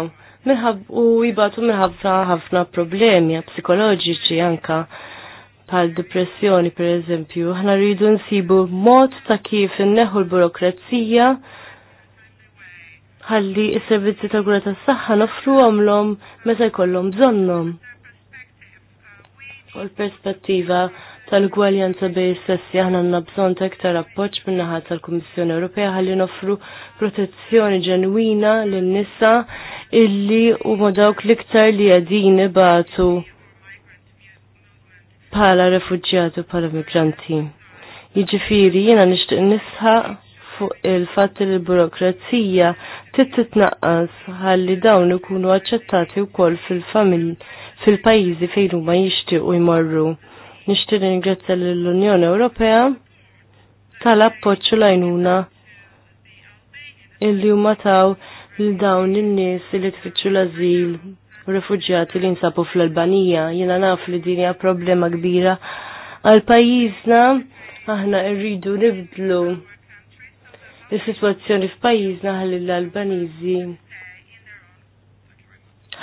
[SPEAKER 3] minħab u jibatu minħabba ħafna problemi psikoloġiċi anka pal depressjoni per eżempju, ħna rridu nsibu mod ta' kif inneħu l-burokrazija ħalli s-servizzi ta' kura tas saħħa nofru għamlom meta jkollhom bżonnhom. U l-perspettiva tal-gwaljanza bej sessi aħna għandna bżonn ta' iktar appoġġ min-naħa tal-Kummissjoni Ewropea ħalli nofru protezzjoni ġenwina lin-nisa illi huma dawk l-iktar li qegħdin ibatu bħala refuġjati u bħala migranti. Jiġifieri jiena nixtieq nisħa fuq il fat li l-burokrazija trid titnaqqas ħalli dawn ikunu aċċettati wkoll fil-familji fil-pajjiżi fejn huma jixtiequ jmorru. Nixtieq ringrazzja lill-Unjoni Ewropea tal appoġġu u lajnuna illi huma taw lil dawn in-nies li tfittxu l-ażil rifugġati li nsabu fl-Albanija. jina naf li din hija problema kbira għal pajjiżna aħna rridu nibdlu is-sitwazzjoni f'pajjiżna ħalli l-Albaniżi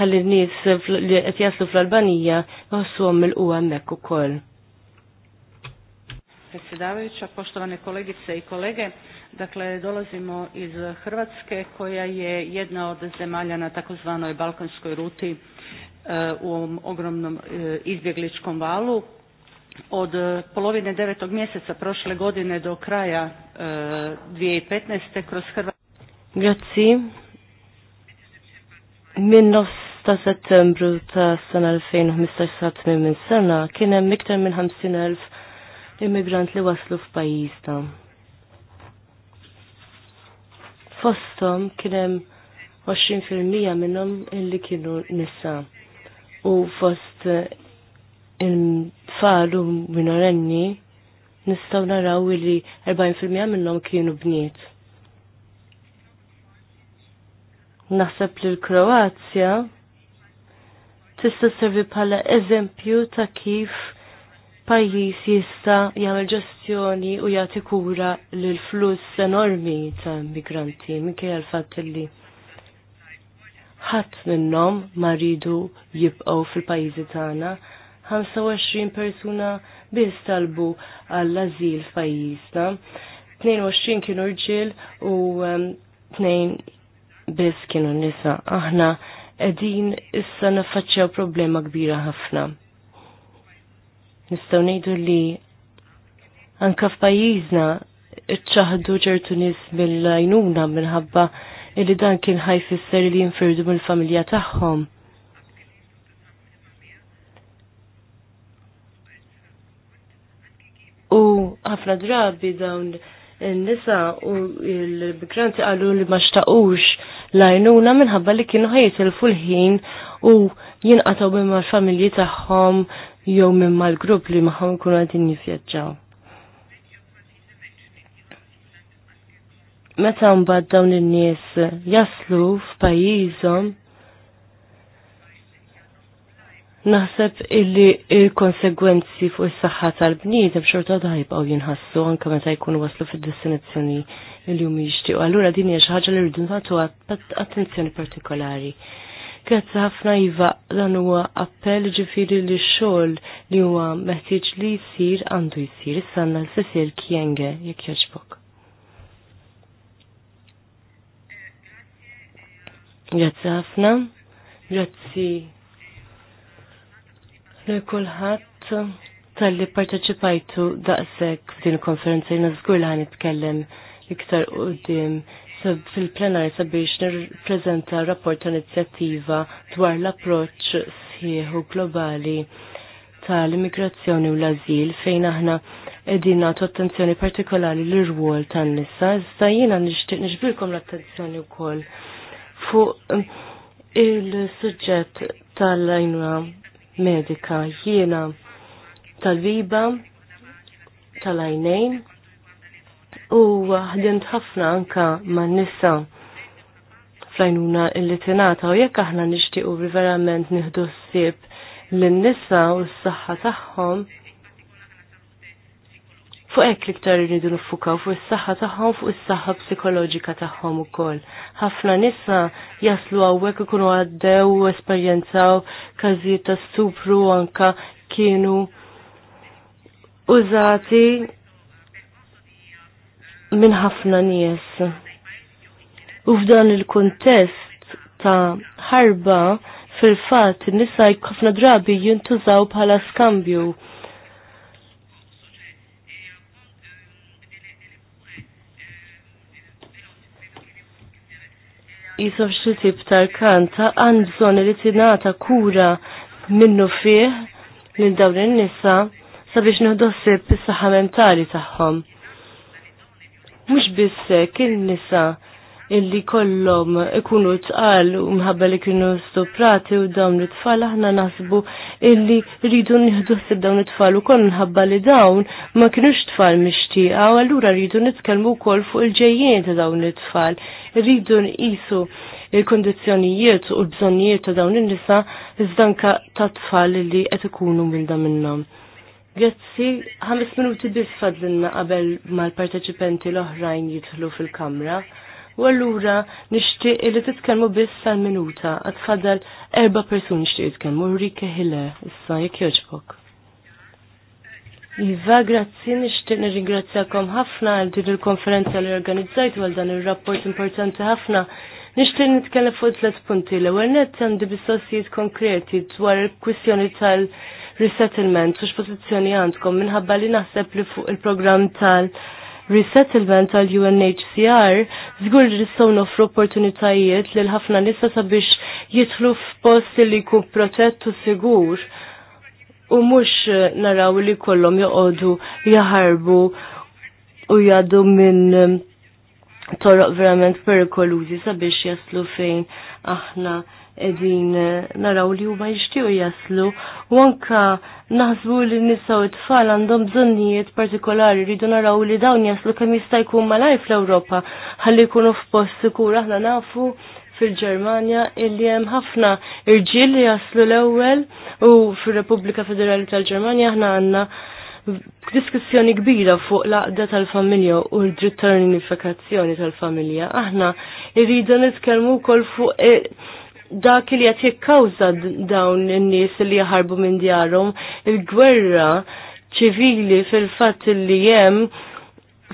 [SPEAKER 3] ħalli n-nies li qed jaslu fl-Albanija il mill-qwa hemmhekk ukoll.
[SPEAKER 1] Predsjedavajuća, poštovane kolegice i kolege, Dakle, dolazimo iz Hrvatske koja je jedna od zemalja na takozvanoj balkanskoj ruti e, u ovom ogromnom e, izbjegličkom valu. Od polovine devetog mjeseca prošle godine do kraja 2015. E, kroz Hrvatske...
[SPEAKER 3] Grazie. Minnos ta' settembru ta' sena 2015 sa' minn sena kienem miktar iktar minn 50,000 immigrant li waslu f'pajjiżna fostom kienem 20% minnom illi kienu nissa. U fost eh, il-falu minorenni nistaw naraw illi 40% minnom kienu bniet. Naħseb li l-Kroazja tista' servi bħala eżempju ta' kif pajjiż jista' jagħmel ġestjoni u jagħti kura lil fluss enormi ta' migranti minkej għal fatt li ħadd minnhom ma rridu jibqgħu fil-pajjiżi tagħna. 25 persuna biss talbu għall-azil f'pajjiżna. 22 kienu rġiel u 2 um, biss kienu nisa. Aħna qegħdin issa naffaċċjaw problema kbira ħafna Nistgħu ngħidu li anka f'pajjiżna iċċaħdu ċertu nies mill ajnuna minħabba illi dan kien ħajfisser li jinfirdu mill-familja tagħhom. U ħafna drabi dawn n-nisa u l-migranti għallu li ma xtaqux lajnuna minħabba li kienu ħajitilfu l-ħin u jinqataw bimma l-familji tagħhom jew minn mal-grupp li magħhom ikunu għadin jivvjaġġaw. Meta mbagħad dawn in-nies jaslu f'pajjiżhom Naħseb illi il-konsegwenzi fuq is-saħħa tal-bniedem xorta dajba u jinħassu anke meta jkunu waslu fid-destinazzjoni li hum jixtiequ. Allura din hija xi ħaġa li rridu nagħtu attenzjoni partikolari. Grazzi ħafna Iva, dan huwa appell ġifiri li xogħol li huwa meħtieġ li jsir għandu jsir. Sanna għandna l-sisir kjenge jekk jaġbok. Grazzi ħafna, grazzi li kulħadd tal-li parteċipajtu daqshekk f'din il-konferenza jiena żgur li ħanitkellem iktar qudiem fil-plenari sabiex nir-prezenta rapport ta' inizjattiva dwar l-approċ sħiħu globali tal-immigrazzjoni u l-azil fejn aħna edin nagħtu attenzjoni partikolari l rwol tan-nisa, iżda jiena nixtieq nixbilkom l-attenzjoni wkoll fuq um, il-suġġett tal ajna medika jiena tal-viba tal ajnejn u ħdimt ħafna anka man nisa flajnuna illi tingħata u jekk aħna nixtiequ verament nieħdu ssieb l nisa u s-saħħa tagħhom fuq hekk iktar irridu nifukaw fuq is-saħħa tagħhom fuq is-saħħa psikoloġika tagħhom ukoll. Ħafna nisa jaslu hawnhekk ikunu għaddew u esperjenzaw każijiet ta' stupru anka kienu użati minn ħafna nies. U f'dan il-kontest ta' ħarba fil-fat nisa ħafna drabi jintużaw bħala skambju. Jisof xi tip tal-kanta għand bżonn li tingħata kura minnu fih minn dawn in-nisa sabiex nħdossi is-saħħa mentali tagħhom mhux biss kien nisa illi kollom ikunu tqal u mħabba li kienu stoprati u dawn it-tfal aħna nasbu illi rridu nieħdu ħsieb dawn it-tfal u koll nħabba li dawn ma kienux tfal mixtieqa u allura rridu nitkellmu wkoll fuq il-ġejjien ta' dawn it-tfal. Rridu nqisu il-kondizzjonijiet u l-bżonnijiet ta' dawn in-nisa iżdanka ta' tfal li qed ikunu milda minnhom. Grazzi, ħames minuti biss fadlinna qabel mal-parteċipenti l-oħrajn jidħlu fil-kamra. U allura nixtieq li titkellmu biss tal-minuta, għatfadal erba' persuni nixtieq jitkellmu, Rike Hille, issa jekk jogħġbok. Iva, grazzi, nixtieq nirringrazzjakom ħafna għal din il-konferenza li organizzajt għal dan ir-rapport importanti ħafna. Nixtieq nitkellem fuq tliet punti l-ewwel net għandi sossijiet konkreti dwar il-kwistjoni tal- resettlement u x'pożizzjoni għandkom minħabba li naħseb li fuq il-programm tal- resettlement tal UNHCR zgur nistgħu nofru opportunitajiet lil ħafna nisa sabiex jitlu f-posti li jkun protett u sigur u mhux eh, naraw li kollom joqogħdu jaħarbu u jgħaddu minn eh, toroq verament perikolużi sabiex jaslu fejn aħna edin eh, naraw li huma jixtiequ jaslu u anka naħsbu li nisa u tfal għandhom bżonnijiet partikolari rridu naraw li dawn jaslu kemm jista' jkun malaj fl-Ewropa ħalli jkunu f'post sikur aħna nafu fil-Ġermanja illi hemm ħafna irġiel li jaslu l-ewwel u fir-Repubblika Federali tal-Ġermanja aħna għandna diskussjoni kbira fuq l-aqda tal-familja u l-dritt tal-unifikazzjoni tal-familja. Aħna irridu nitkellmu wkoll fuq eh, dak li qed jikkawża dawn in-nies li jaħarbu minn djarhom il-gwerra ċivili fil-fatt li hemm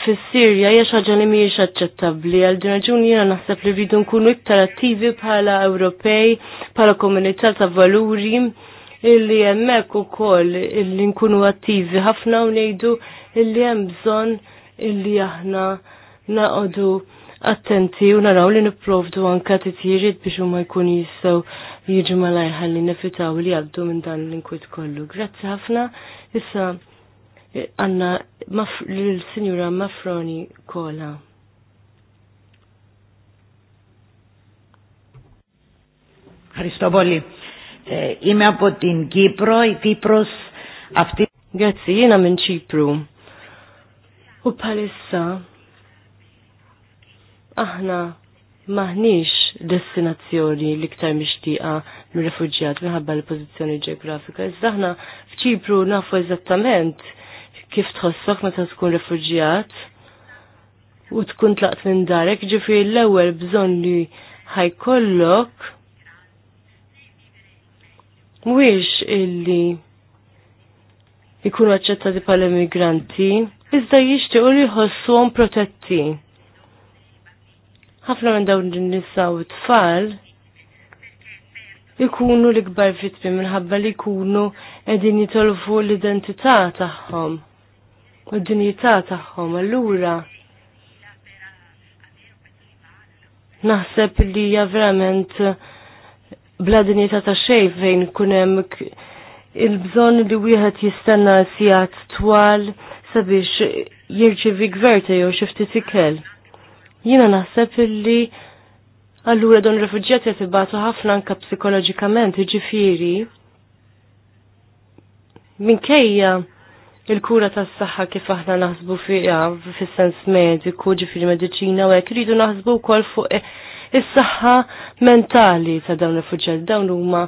[SPEAKER 3] fis-Sirja hija xi ħaġa li mhijiex aċċettabbli għal din raġuni jiena naħseb li rridu nkunu iktar attivi bħala Ewropej, bħala komunità ta' valuri illi hemmhekk ukoll illi nkunu attivi ħafna u ngħidu illi hemm bżonn illi aħna naqogħdu attenti u naraw li nipprovdu anka titjiriet biex huma jkun jistaw jiġu malajr ħalli nefitaw li għaddu minn dan l-inkwit kollu. Grazzi ħafna, issa għanna l-Sinjura Mafroni Kola.
[SPEAKER 1] Ευχαριστώ πολύ. Ε, είμαι από την
[SPEAKER 3] Κύπρο, η jena minn Ċipru. U palissa, aħna maħniex destinazzjoni ktar mixtieqa mir-refuġjat minħabba l-pożizzjoni ġeografika. Iżda aħna f'Ċipru nafu eżattament kif tħossok meta tkun refuġjat u tkun tlaqt minn darek, ġifieri l-ewwel bżonn li ħajkollok mhuwiex illi jkunu aċċettati bħala immigranti, iżda jixtiequ li jħossuhom protetti ħafna minn dawn n-nisa u t-tfal ikunu l-ikbar fitmi minħabba li jkunu edin jitolfu l-identità tagħhom u d-dinjità tagħhom. Allura naħseb li hija verament bla dinjità ta' xejn fejn kun hemm il-bżonn li wieħed jistenna sigħat twal sabiex jirċivi gverta jew xi ftit ikel. Jiena naħseb illi allura dawn ir-refuġjati qed ibatu ħafna anke psikoloġikament, jiġifieri minkejja il-kura tas saħħa kif aħna naħsbu fija fis-sens mediku ġifiri mediċina u hekk rridu naħsbu wkoll fuq is-saħħa mentali ta' dawn il-fuġġel dawn huma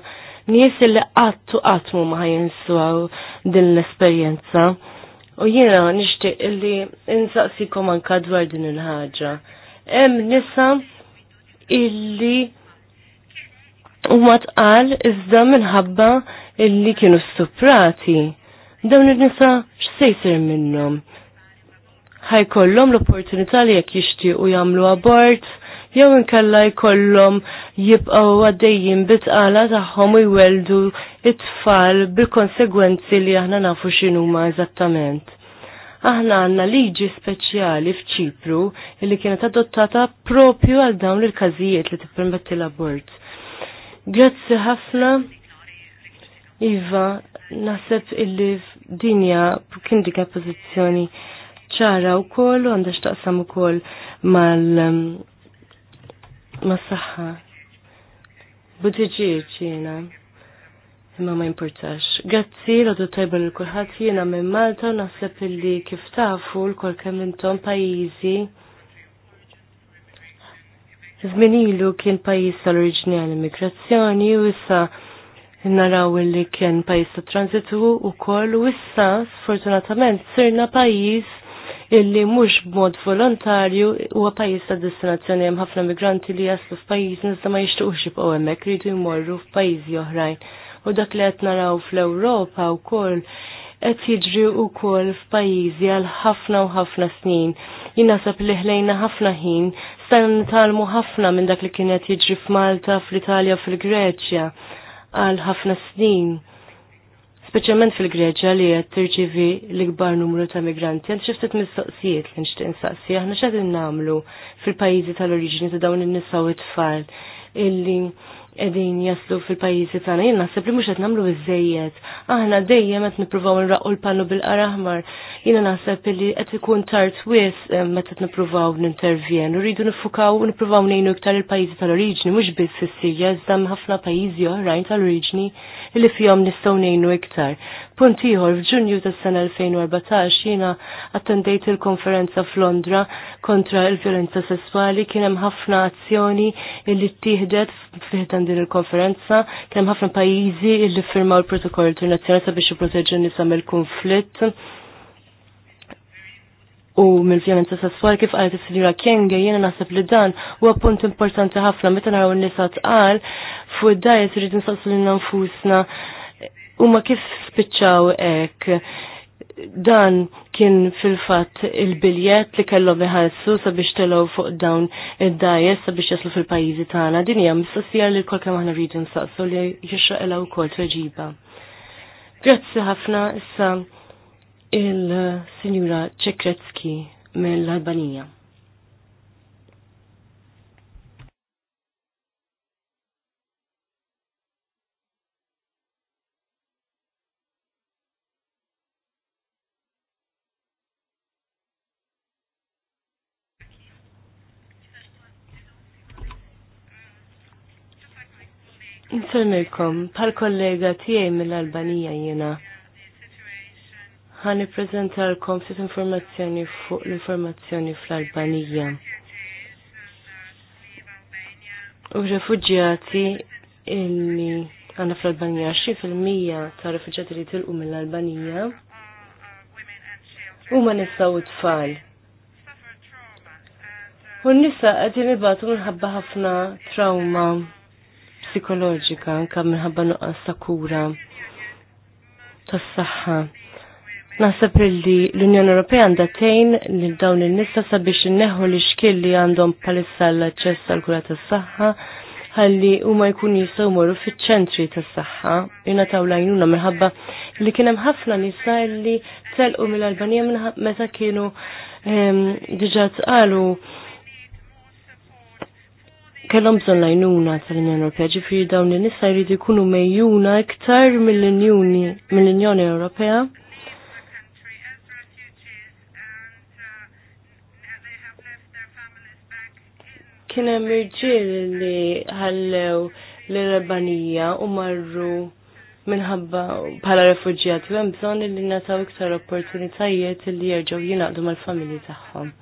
[SPEAKER 3] nies li qatt u qatt ma ħajinsuaw din l-esperjenza. U jiena nixtieq illi insaqsikom anka dwar din il-ħaġa hemm nisa illi huma tqal iżda minħabba illi kienu stuprati. Dawn in-nisa x'se jsir minnhom? ħajkollhom l-opportunità li jekk jixtiequ jagħmlu abort, jew inkella jkollhom jibqgħu għaddejjin bitqala tagħhom u jweldu it-tfal bil-konsegwenzi li aħna nafu x'inhuma eżattament aħna għanna liġi speċjali f'Ċipru li kienet adottata propju għal dawn il-każijiet li tippermetti l-abort. Grazzi ħafna Iva, naħseb illi dinja kien dik pożizzjoni ċara u kollu x'taqsam ukoll u koll mal um, ma saħħa. Butiġir ċina imma ma importax. Grazzi, l-għadu tajba l-kulħat jena minn Malta naslep naħseb illi kif tafu l-kol kemm intom pajizi. Zminilu kien pajiz tal oriġni għal-immigrazzjoni u issa naraw li kien pajiz ta' transitu u kol, u issa sfortunatament sirna pajiz illi mhux b'mod volontarju huwa pajiz ta' destinazzjoni hemm ħafna migranti li jaslu f'pajiz nizda ma jixtiequx jibqgħu hemmhekk rridu jmorru f'pajjiżi oħrajn u dak li qed naraw fl-Ewropa wkoll qed jiġri wkoll f'pajjiżi għal ħafna u ħafna snin. Jinasab li ħlejna ħafna ħin stan nitalmu ħafna minn dak li kien qed jiġri f'Malta, fl-Italja, fil-Greċja għal ħafna snin. Speċjalment fil-Greċja li qed tirċivi l-ikbar numru ta' migranti, għand xiftet ftit mistoqsijiet li nixtieq insaqsi, aħna x'qegħdin nagħmlu fil-pajjiżi tal-oriġini ta' dawn in-nisa u t-tfal illi edin jaslu fil-pajizi tagħna. Jien naħseb li mhux qed nagħmlu iżejjed. Aħna dejjem għet nippruvaw nraqqu l-pannu bil-qaraħmar. Jiena naħseb li qed ikun tard wis eh, meta qed nippruvaw nintervjenu. Rridu nifukaw u nippruvaw ngħinu iktar il pajizi tal-oriġni mhux biss fis-Sirja iżda ħafna pajjiżi oħrajn tal-oriġni li fihom nistgħu ngħinu iktar. Punt ieħor f'Ġunju ta' sena 2014 jiena attendejt il-konferenza f'Londra kontra l violenza sesswali kien hemm ħafna azzjoni li ttieħdet fiħdan din il-konferenza, kien hemm ħafna pajjiżi li firmaw il-protokoll internazzjonali sabiex jipproteġu nisam mill-konflitt u mill-vjolenza sessuali kif qalet is-Sinjura Kenge jiena naħseb li dan huwa punt importanti ħafna meta naraw n-nisa tqal fuq id-dajet irid nsaqsu lilna nfusna ma kif spiċċaw hekk dan kien fil-fat il-biljet li kellhom iħallsu sabiex telgħu fuq dawn id-dajes sabiex jaslu fil-pajjiżi tagħna. Din hija mistoqsija li kol kemm aħna rridu nsaqsu li jixraq wkoll tweġiba. Grazzi ħafna issa il-Sinjura Ċekretski mill-Albanija. Insemmilkom, pal kollega tiegħi mill-Albanija jena l-kom ftit informazzjoni fuq l-informazzjoni fl-Albanija. U refuġjati illi għanna fl-Albanija xi fil-mija ta' refuġjati li tilqu mill-Albanija huma nissa u tfal. U n-nisa qed ibatu minħabba ħafna trauma psikoloġika kam minħabba nuqqas ta' kura tas-saħħa. Naħseb illi l-Unjoni Ewropea għandha tgħin lil dawn in-nisa sabiex inneħħu l-ixkil li għandhom bħalissa l-aċċess għal kura tas-saħħa ħalli huma jkunu jistgħu jmorru fiċ-ċentri tas-saħħa jingħataw lajnuna minħabba li kien hemm ħafna nisa li telqu mill-Albanija meta kienu ehm, diġà tqalu kellhom bżonn lajnuna tal-Unjoni Ewropea, ġifieri dawn in-nisa jridu jkunu mejjuna iktar mill-Unjoni mill-Unjoni Ewropea kien hemm irġiel li ħallew l rebbanija u marru minħabba bħala refuġjati u hemm bżonn li nataw iktar opportunitajiet li jerġgħu jingħaqdu mal-familji tagħhom.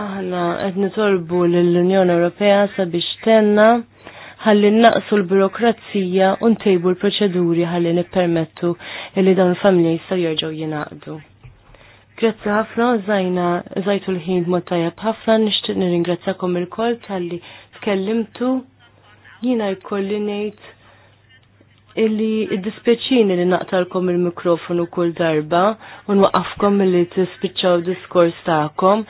[SPEAKER 3] Aħna qed nitolbu lill-Unjoni Ewropea sabiex tenna ħalli naqsu l-birokrazija u ntejbu l-proċeduri ħalli nippermettu li dawn il-familji jistgħu jerġgħu jingħaqdu. Grazzi ħafna, zajna, zajtu l-ħin mod tajab ħafna, nishtiq nirringrazzakom il-kol tal-li tkellimtu, jina jkolli nejt illi id-dispeċini li naqtalkom il-mikrofonu kull darba u nwaqafkom illi tispiċċaw diskors ta'kom.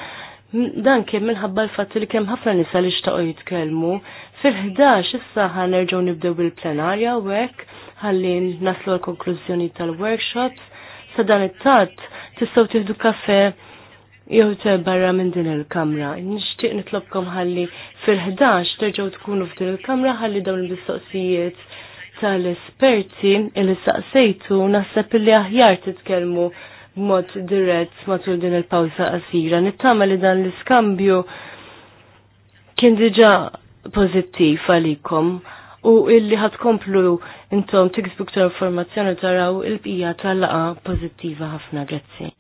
[SPEAKER 3] Dan kien minħabba l-fatt li kemm ħafna nisa li xtaqgħu jitkellmu. Fil-11 issa ħanerġgħu nibdew bil-plenarja u hekk ħalli naslu l-konklużjoni tal-workshops. Sa dan it-tat tistgħu tiħdu kaffe jew te barra minn din il-kamra. Nixtieq nitlobkom ħalli fil-11 terġgħu tkunu f'din il-kamra ħalli dawn il-mistoqsijiet tal-esperti li saqsejtu naħseb li aħjar titkellmu b'mod dirett matul din il-pawza qasira. Nittama li dan l-iskambju kien diġa' pożittiv għalikom u illi ħad komplu intom tiksbuk tal-informazzjoni taraw il-bija tal-laqa pozittiva ħafna grazzi.